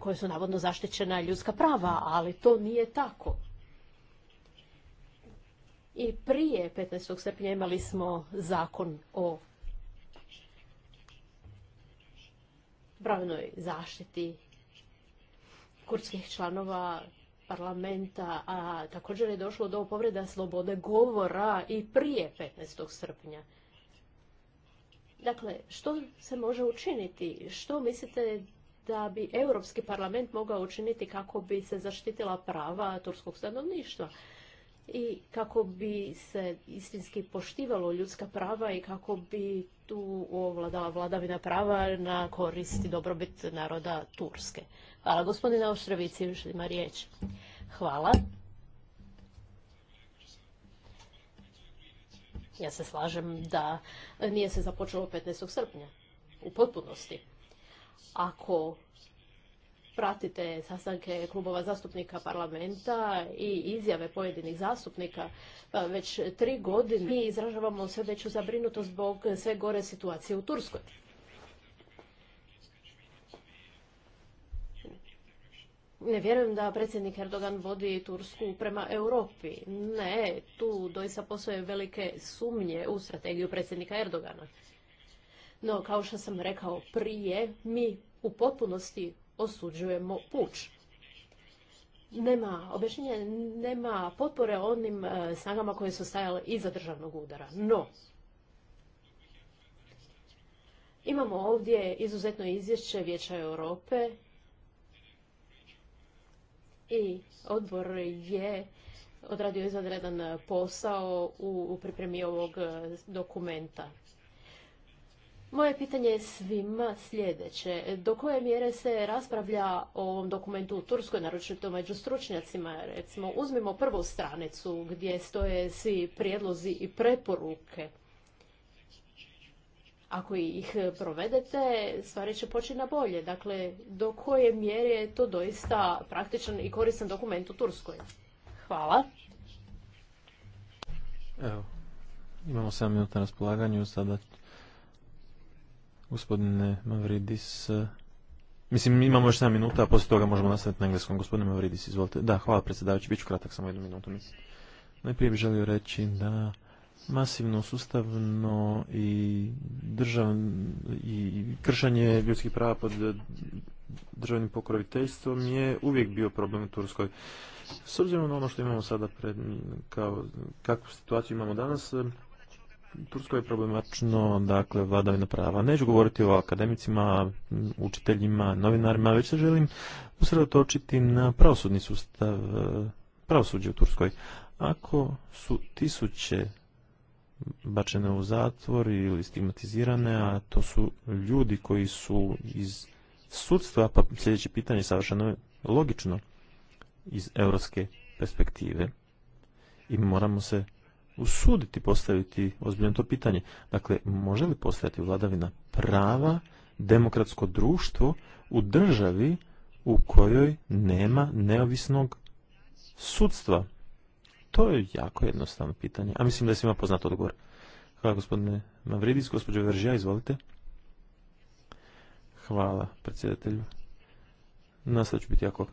kojoj su navodno zaštićena ljudska prava, ali to nije tako. I prije 15. srpnja imali smo zakon o pravnoj zaštiti kurdskih članova parlamenta, a također je došlo do povreda slobode govora i prije 15. srpnja. Dakle, što se može učiniti? Što mislite da bi Europski parlament mogao učiniti kako bi se zaštitila prava turskog stanovništva? i kako bi se istinski poštivalo ljudska prava i kako bi tu ovladala vladavina prava na korist i dobrobit naroda Turske. Hvala. Gospodina Oštrevici još ima riječ. Hvala. Ja se slažem da nije se započelo 15. srpnja. U potpunosti. Ako pratite sastanke klubova zastupnika parlamenta i izjave pojedinih zastupnika pa već tri godine mi izražavamo sve veću zabrinutost zbog sve gore situacije u Turskoj. Ne vjerujem da predsjednik Erdogan vodi Tursku prema Europi. Ne, tu doista postoje velike sumnje u strategiju predsjednika Erdogana. No, kao što sam rekao prije, mi u potpunosti osuđujemo puč. Nema objašnjenja, nema potpore onim e, snagama koje su stajale iza državnog udara. No, imamo ovdje izuzetno izvješće Vijeća Europe i odbor je odradio izadredan posao u pripremi ovog e, dokumenta. Moje pitanje je svima sljedeće. Do koje mjere se raspravlja o ovom dokumentu u Turskoj, naročito među stručnjacima? Recimo, uzmimo prvu stranicu gdje stoje svi prijedlozi i preporuke. Ako ih provedete, stvari će poći na bolje. Dakle, do koje mjere je to doista praktičan i koristan dokument u Turskoj? Hvala. Evo, imamo 7 minuta na raspolaganju, sada Gospodine Mavridis, mislim imamo još 7 minuta, a poslije toga možemo nastaviti na engleskom. Gospodine Mavridis, izvolite. Da, hvala predsjedavajući, bit ću kratak samo jednu minutu. Najprije bih želio reći da masivno, sustavno i, držav, i kršanje ljudskih prava pod državnim pokroviteljstvom je uvijek bio problem u Turskoj. S obzirom na ono što imamo sada pred, kao, kakvu situaciju imamo danas, Turskoj je problematično, dakle, vladavina prava. Neću govoriti o akademicima, učiteljima, novinarima, već se želim usredotočiti na pravosudni sustav, e, pravosuđe u Turskoj. Ako su tisuće bačene u zatvor ili stigmatizirane, a to su ljudi koji su iz sudstva, pa sljedeće pitanje je savršeno logično iz europske perspektive i moramo se usuditi postaviti ozbiljno to pitanje. Dakle, može li postaviti vladavina prava, demokratsko društvo u državi u kojoj nema neovisnog sudstva? To je jako jednostavno pitanje, a mislim da je svima poznat odgovor. Hvala gospodine Mavridis, gospođo Veržija, izvolite. Hvala predsjedatelju. Nastavit ću biti jako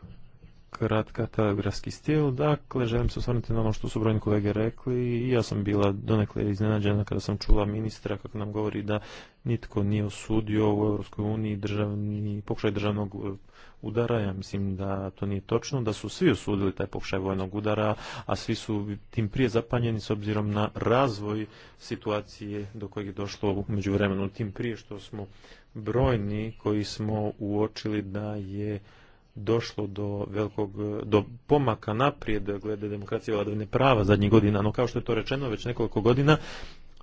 kratka telegrafski stil. Dakle, želim se osvrnuti na ono što su brojni kolege rekli i ja sam bila donekle iznenađena kada sam čula ministra kako nam govori da nitko nije osudio u Europskoj uniji državni, pokušaj državnog udara. Ja mislim da to nije točno, da su svi osudili taj pokušaj vojnog udara, a svi su tim prije zapanjeni s obzirom na razvoj situacije do kojeg je došlo među vremenu. Tim prije što smo brojni koji smo uočili da je došlo do velikog do pomaka naprijed glede demokracije i vladavine prava zadnjih godina, no kao što je to rečeno već nekoliko godina,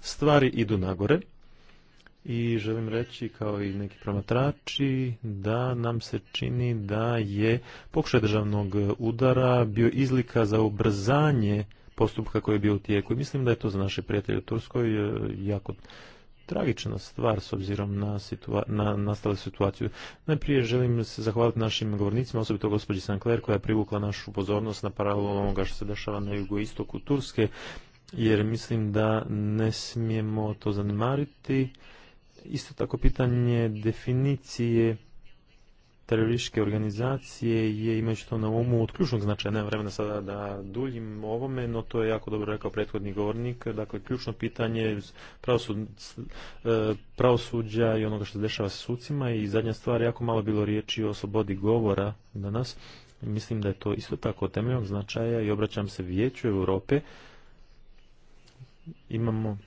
stvari idu nagore i želim reći kao i neki promatrači da nam se čini da je pokušaj državnog udara bio izlika za ubrzanje postupka koji je bio u tijeku i mislim da je to za naše prijatelje u Turskoj e, jako tragična stvar s obzirom na, situa na nastalu situaciju. Najprije želim se zahvaliti našim govornicima, osobito gospođi Sankler koja je privukla našu pozornost na paralelu onoga što se dešava na jugoistoku Turske, jer mislim da ne smijemo to zanemariti. Isto tako pitanje definicije terorističke organizacije je imajući to na umu od ključnog značaja. nema vremena sada da duljim ovome, no to je jako dobro rekao prethodni govornik. Dakle, ključno pitanje e, pravosuđa i onoga što se dešava sa sucima i zadnja stvar, jako malo bilo riječi o slobodi govora danas. Mislim da je to isto tako temeljnog značaja i obraćam se vijeću Europe. Imamo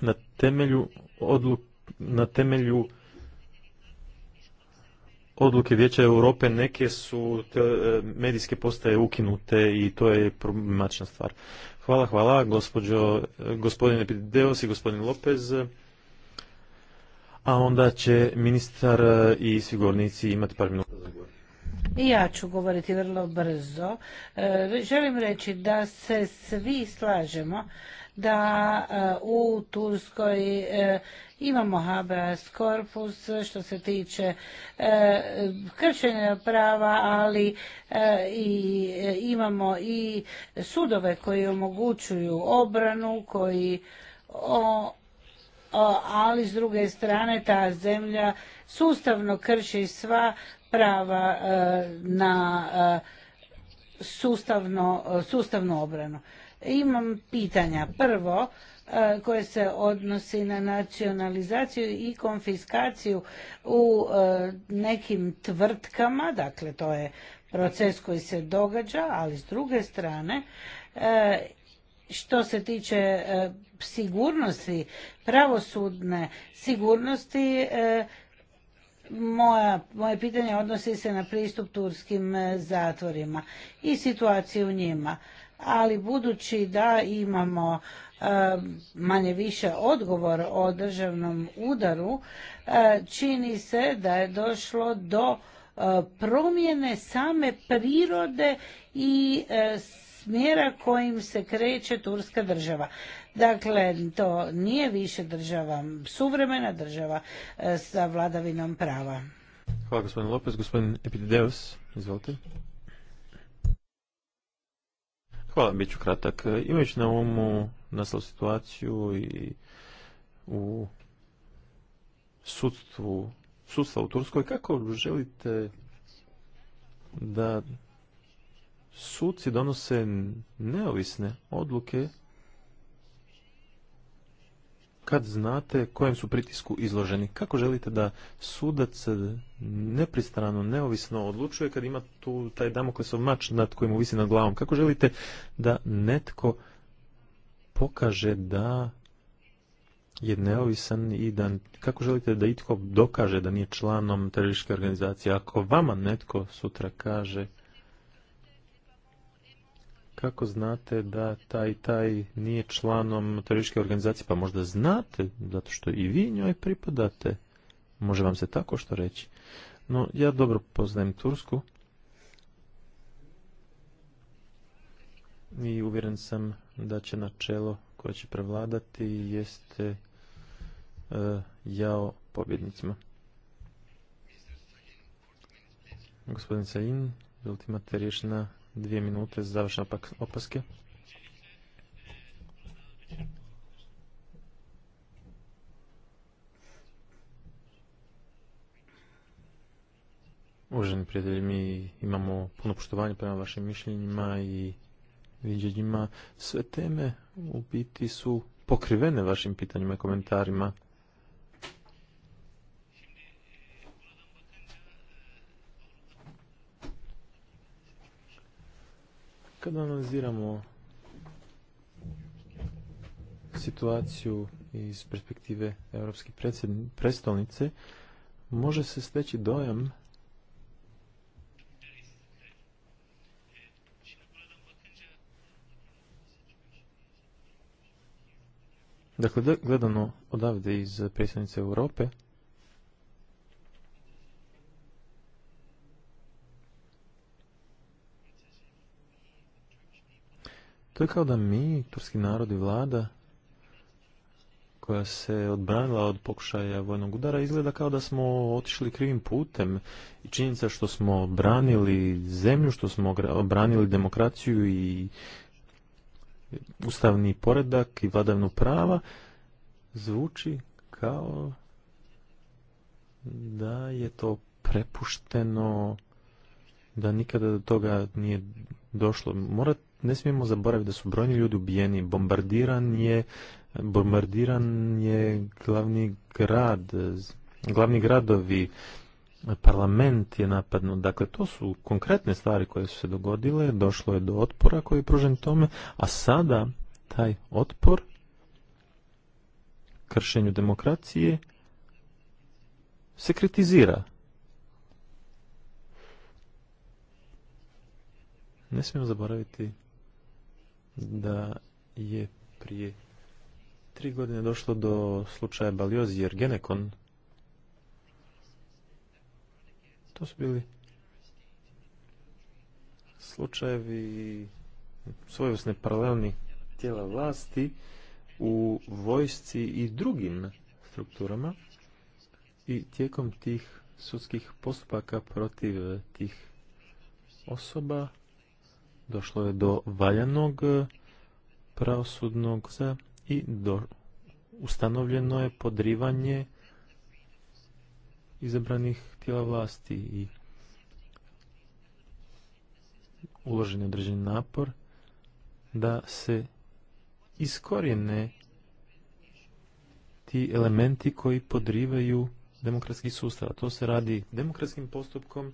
na temelju odluk, na temelju odluke Vijeća Europe, neke su te, e, medijske postaje ukinute i to je problematična stvar. Hvala, hvala, gospođo, e, gospodin i gospodin Lopez. A onda će ministar i svi govornici imati par minuta za govor. I ja ću govoriti vrlo brzo. E, želim reći da se svi slažemo da u Turskoj Imamo habeas corpus što se tiče e, kršenja prava, ali e, i e, imamo i sudove koji omogućuju obranu, koji ali s druge strane ta zemlja sustavno krši sva prava na sustavno, sustavnu obranu. Imam pitanja. Prvo, E, koje se odnosi na nacionalizaciju i konfiskaciju u e, nekim tvrtkama, dakle to je proces koji se događa, ali s druge strane e, što se tiče sigurnosti, pravosudne sigurnosti, moja, moje pitanje odnosi se na pristup turskim zatvorima i situaciju u njima. Ali budući da imamo manje više odgovor o državnom udaru, e, čini se da je došlo do e, promjene same prirode i e, smjera kojim se kreće Turska država. Dakle, to nije više država, suvremena država sa vladavinom prava. Hvala gospodin Lopez, gospodin izvolite. Hvala, bit ću kratak. Imajući na umu naslu situaciju i u sudstvu, sudstva u Turskoj, kako želite da suci donose neovisne odluke kad znate kojem su pritisku izloženi. Kako želite da sudac nepristrano, neovisno odlučuje kad ima tu taj damoklesov mač nad kojim visi nad glavom? Kako želite da netko pokaže da je neovisan i da kako želite da itko dokaže da nije članom terorističke organizacije ako vama netko sutra kaže kako znate da taj taj nije članom terorističke organizacije? Pa možda znate, zato što i vi njoj pripadate. Može vam se tako što reći. No, ja dobro poznajem Tursku. I uvjeren sam da će načelo koje će prevladati jeste uh, jao pobjednicima. Gospodin Sajin, ultimaterišna na dvije minute za završne opaske. Uvaženi prijatelji, mi imamo puno poštovanje prema vašim mišljenjima i viđenjima. Sve teme u biti su pokrivene vašim pitanjima i komentarima. Kada analiziramo situaciju iz perspektive Europske predstavnice, može se steći dojam Dakle, gledano odavde iz predstavnice Europe, To je kao da mi, turski narod i vlada, koja se odbranila od pokušaja vojnog udara, izgleda kao da smo otišli krivim putem. I činjenica što smo branili zemlju, što smo branili demokraciju i ustavni poredak i vladavnu prava, zvuči kao da je to prepušteno, da nikada do toga nije došlo. Morate ne smijemo zaboraviti da su brojni ljudi ubijeni, bombardiran je, bombardiran je glavni grad, glavni gradovi, parlament je napadnut. Dakle, to su konkretne stvari koje su se dogodile, došlo je do otpora koji je pružen tome, a sada taj otpor kršenju demokracije se kritizira. Ne smijemo zaboraviti da je prije tri godine došlo do slučaja baliozi jer Genekon. To su bili slučajevi svojevrsne paralelni tijela vlasti u vojsci i drugim strukturama i tijekom tih sudskih postupaka protiv tih osoba došlo je do valjanog e, pravosudnog za i do, ustanovljeno je podrivanje izabranih tijela vlasti i uložen je određeni napor da se iskorijene ti elementi koji podrivaju demokratski sustav. To se radi demokratskim postupkom,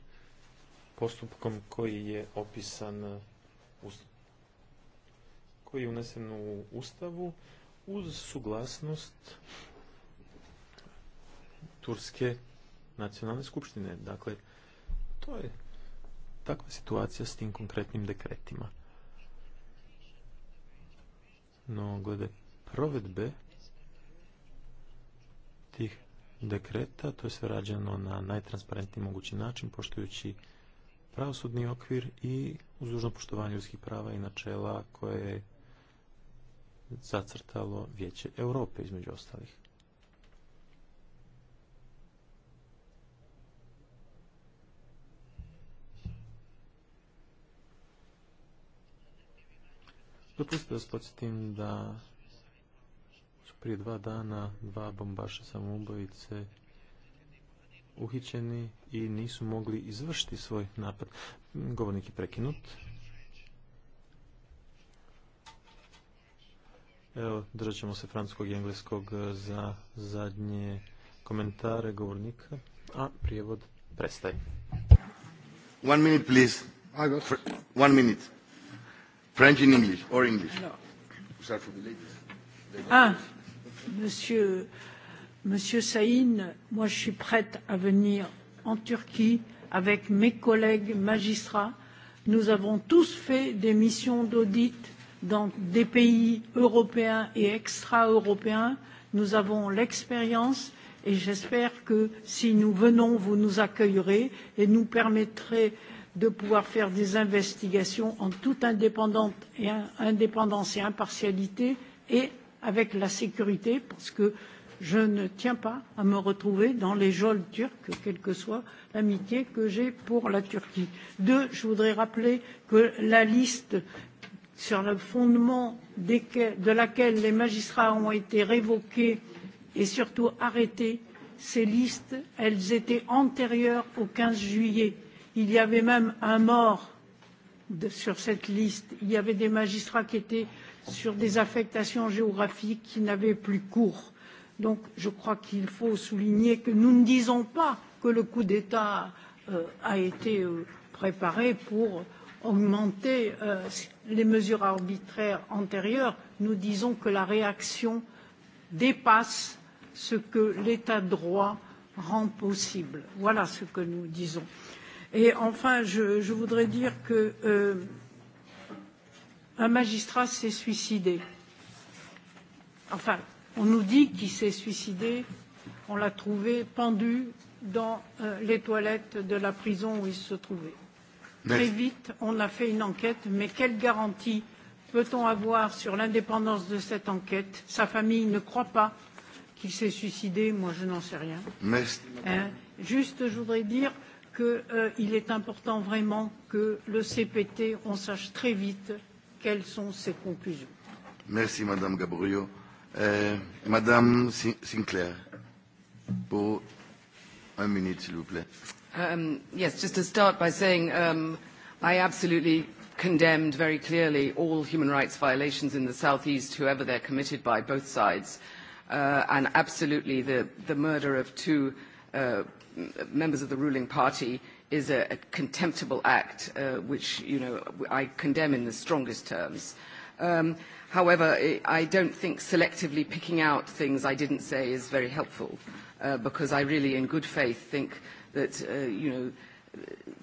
postupkom koji je opisan koji je unesen u Ustavu uz suglasnost Turske nacionalne skupštine. Dakle, to je takva situacija s tim konkretnim dekretima. No, glede provedbe tih dekreta, to je sve rađeno na najtransparentniji mogući način, poštujući pravosudni okvir i uz dužno poštovanje ljudskih prava i načela koje je zacrtalo Vijeće Europe između ostalih. Dopustite vas spocitim da su prije dva dana dva bombaša samoubojice uhićeni i nisu mogli izvršiti svoj napad. Govornik je prekinut. Evo, držat ćemo se francuskog i engleskog e, za zadnje komentare govornika, a prijevod prestaje. One minute, please. One minute. French in English or English. No. Ah, monsieur... Monsieur Saïn, moi je suis prête à venir en Turquie avec mes collègues magistrats. Nous avons tous fait des missions d'audit dans des pays européens et extra-européens. Nous avons l'expérience et j'espère que si nous venons, vous nous accueillerez et nous permettrez de pouvoir faire des investigations en toute indépendance et impartialité et avec la sécurité parce que je ne tiens pas à me retrouver dans les geôles turques, quelle que soit l'amitié que j'ai pour la Turquie. Deux, je voudrais rappeler que la liste sur le fondement de laquelle les magistrats ont été révoqués et surtout arrêtés, ces listes, elles étaient antérieures au 15 juillet. Il y avait même un mort de, sur cette liste. Il y avait des magistrats qui étaient sur des affectations géographiques qui n'avaient plus cours donc je crois qu'il faut souligner que nous ne disons pas que le coup d'état euh, a été euh, préparé pour augmenter euh, les mesures arbitraires antérieures nous disons que la réaction dépasse ce que l'état de droit rend possible voilà ce que nous disons et enfin je, je voudrais dire que euh, un magistrat s'est suicidé enfin on nous dit qu'il s'est suicidé, on l'a trouvé pendu dans euh, les toilettes de la prison où il se trouvait. Très vite, on a fait une enquête, mais quelle garantie peut-on avoir sur l'indépendance de cette enquête Sa famille ne croit pas qu'il s'est suicidé, moi je n'en sais rien. Mais... Hein Juste, je voudrais dire qu'il euh, est important vraiment que le CPT, on sache très vite quelles sont ses conclusions. Merci Madame Gabriel. Eh, Madame Sinclair, un minute, s'il vous plaît. Um, yes, just to start by saying um, I absolutely condemned very clearly all human rights violations in the southeast, whoever they're committed by, both sides, uh, and absolutely the, the murder of two uh, members of the ruling party is a, a contemptible act, uh, which you know I condemn in the strongest terms. Um, However, I don't think selectively picking out things I didn't say is very helpful uh, because I really, in good faith, think that, uh, you know,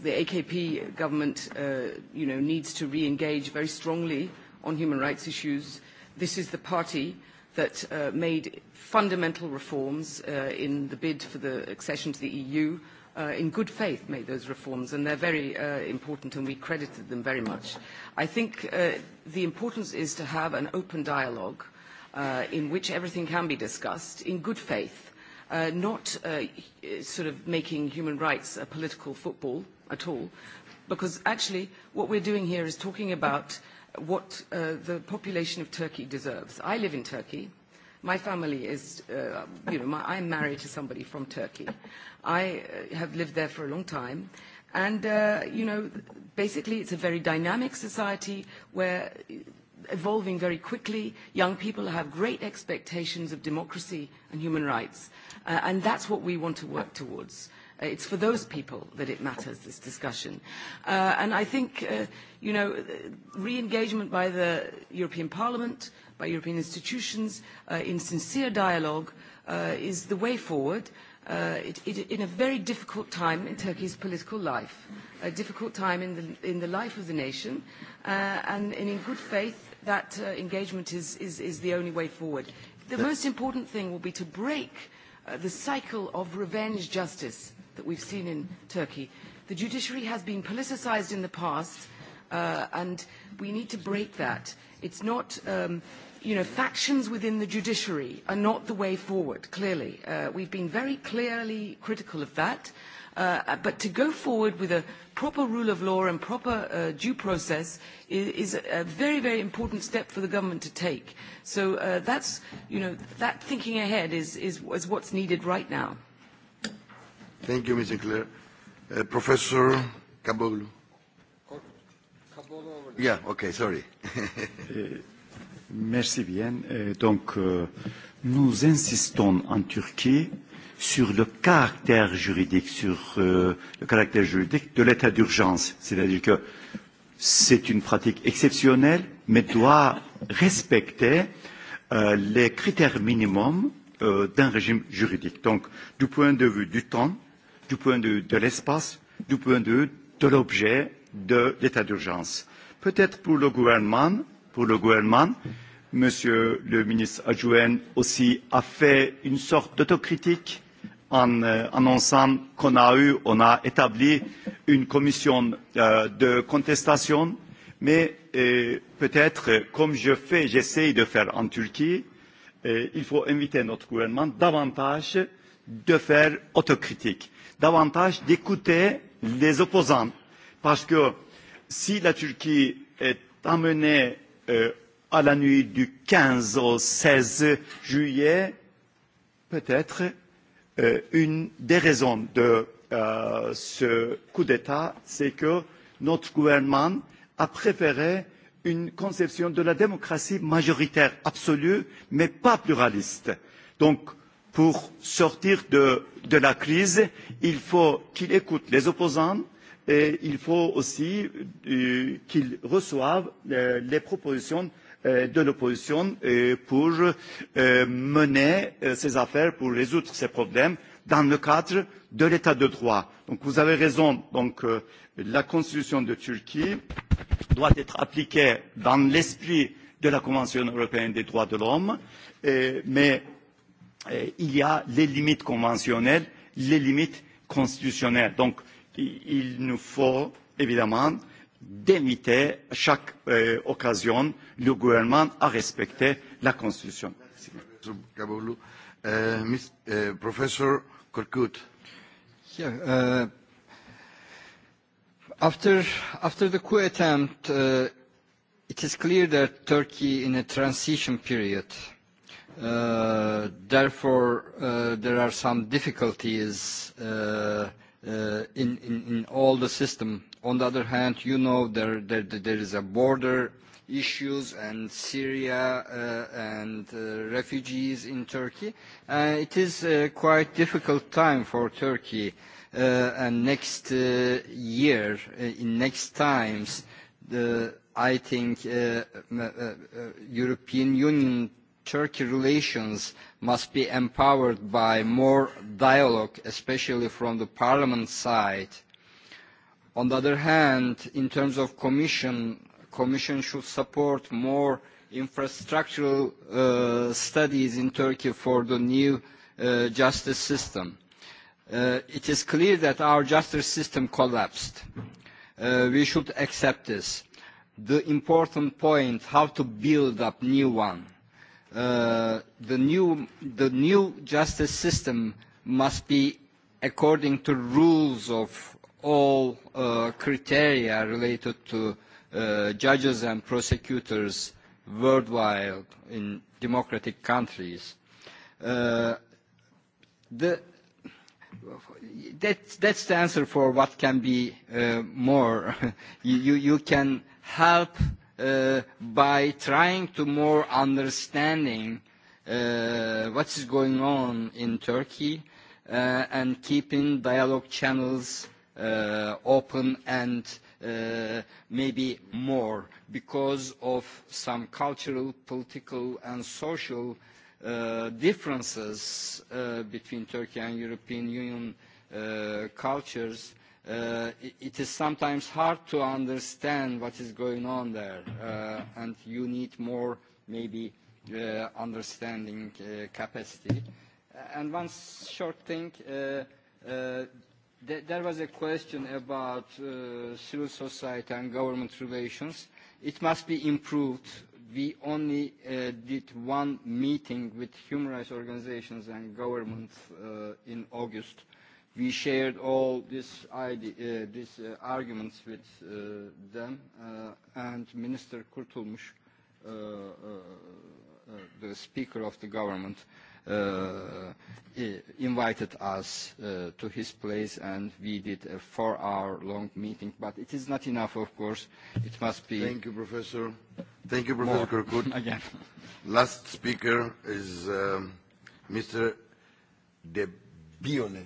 the AKP government, uh, you know, needs to re-engage very strongly on human rights issues. This is the party that made fundamental reforms in the bid for the accession to the EU uh, in good faith made those reforms and they're very uh, important and we credited them very much. I think uh, the importance is to have an open dialogue uh, in which everything can be discussed in good faith, uh, not uh, sort of making human rights a political football at all, because actually what we're doing here is talking about what the population of Turkey deserves. I live in Turkey. My family is, uh, you know, my, I'm married to somebody from Turkey. I uh, have lived there for a long time. And, uh, you know, basically it's a very dynamic society where uh, evolving very quickly. Young people have great expectations of democracy and human rights. Uh, and that's what we want to work towards. Uh, it's for those people that it matters, this discussion. Uh, and I think, uh, you know, uh, re-engagement by the European Parliament, by European institutions, uh, in sincere dialogue uh, is the way forward. Uh, it, in a very difficult time in Turkey's political life, a difficult time in the, in the life of the nation, uh, and, in good faith, that uh, engagement is, is, is the only way forward. The most important thing will be to break uh, the cycle of revenge justice that we've seen in Turkey. The judiciary has been politicized in the past, uh, and we need to break that. It's not... Um, you know, factions within the judiciary are not the way forward, clearly. Uh, we've been very clearly critical of that. Uh, but to go forward with a proper rule of law and proper uh, due process is, is a very, very important step for the government to take. So uh, that's, you know, that thinking ahead is, is, is what's needed right now. Thank you, Mr. Clare. Uh, Professor Kaboglu. Yeah, okay, sorry. Uh, Merci bien. Euh, donc, euh, nous insistons en Turquie sur le caractère juridique, sur euh, le caractère juridique de l'état d'urgence. C'est-à-dire que c'est une pratique exceptionnelle, mais doit respecter les critères minimums d'un régime juridique. Donc, du point de vue du temps, du point de vue de l'espace, du point de vue de l'objet de l'état d'urgence. Peut-être pour le gouvernement, pour le gouvernement. Monsieur le ministre adjoint aussi a fait une sorte d'autocritique en euh, annonçant qu'on a eu, on a établi une commission euh, de contestation, mais euh, peut-être, comme je fais, j'essaye de faire en Turquie, euh, il faut inviter notre gouvernement davantage de faire autocritique, davantage d'écouter les opposants, parce que si la Turquie est amenée Euh, à la nuit du 15 au 16 juillet, peut-être euh, une des raisons de euh, ce coup d'État, c'est que notre gouvernement a préféré une conception de la démocratie majoritaire absolue, mais pas pluraliste. Donc, pour sortir de, de la crise, il faut qu'il écoute les opposants, il faut aussi euh, qu'ils reçoivent euh, les propositions euh, de l'opposition pour mener ces affaires, pour résoudre ces problèmes dans le cadre de l'état de droit. Donc, vous avez raison, donc, la constitution de Turquie doit être appliquée dans l'esprit de la Convention européenne des droits de l'homme, mais il y a les limites conventionnelles, les limites constitutionnelles. Donc, il nous faut évidemment d'inviter chaque euh, occasion le gouvernement à respecter la Constitution. Euh, euh, uh, Korkut. after, after the coup attempt, uh, it is clear that Turkey in a transition period. Uh, therefore, uh, there are some difficulties uh, Uh, in, in, in all the system. On the other hand, you know there, there, there is a border issues and Syria uh, and uh, refugees in Turkey. Uh, it is a uh, quite difficult time for Turkey uh, and next uh, year, uh, in next times, the, I think uh, uh, uh, European Union Turkey relations must be empowered by more dialogue, especially from the Parliament side. On the other hand, in terms of Commission, Commission should support more infrastructural uh, studies in Turkey for the new uh, justice system. Uh, it is clear that our justice system collapsed. We should accept this. The important point, how to build up new one the new justice system must be according to rules of all uh, criteria related to uh, judges and prosecutors worldwide in democratic countries uh, that that's the answer for what can be more you can help Uh, by trying to more understanding uh, what is going on in Turkey uh, and keeping dialogue channels uh, open and uh, maybe more because of some cultural, political and social differences between Turkey and European Union cultures Uh, it, is sometimes hard to understand what is going on there uh, and you need more maybe uh, understanding capacity. And one short thing, there was a question about civil society and government relations. It must be improved. We only did one meeting with human rights organizations and governments in August We shared all these uh, this, uh, arguments with uh, them, uh, and Minister Kurtulmuş, uh, uh, the Speaker of the Government, invited us to his place, and we did a four-hour-long meeting. But it is not enough, of course. It must be... Thank you, Professor. Thank you, Professor Again. Last speaker is um, Mr. De Bionet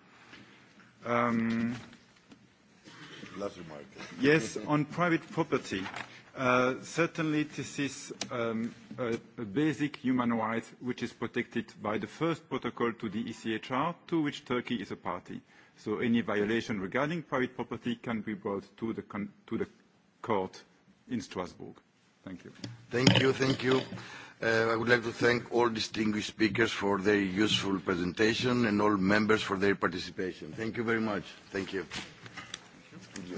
Um, yes, on private property. Uh, certainly, this is um, a, basic human right which is protected by the first protocol to the ECHR, to which Turkey is a party. So any violation regarding private property can be brought to the, con to the court in Strasbourg. Thank you. Thank you. Thank you. I would like to thank all distinguished speakers for their useful presentation and all members for their participation. Thank you very much. Thank you. Thank you.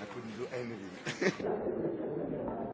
I couldn't do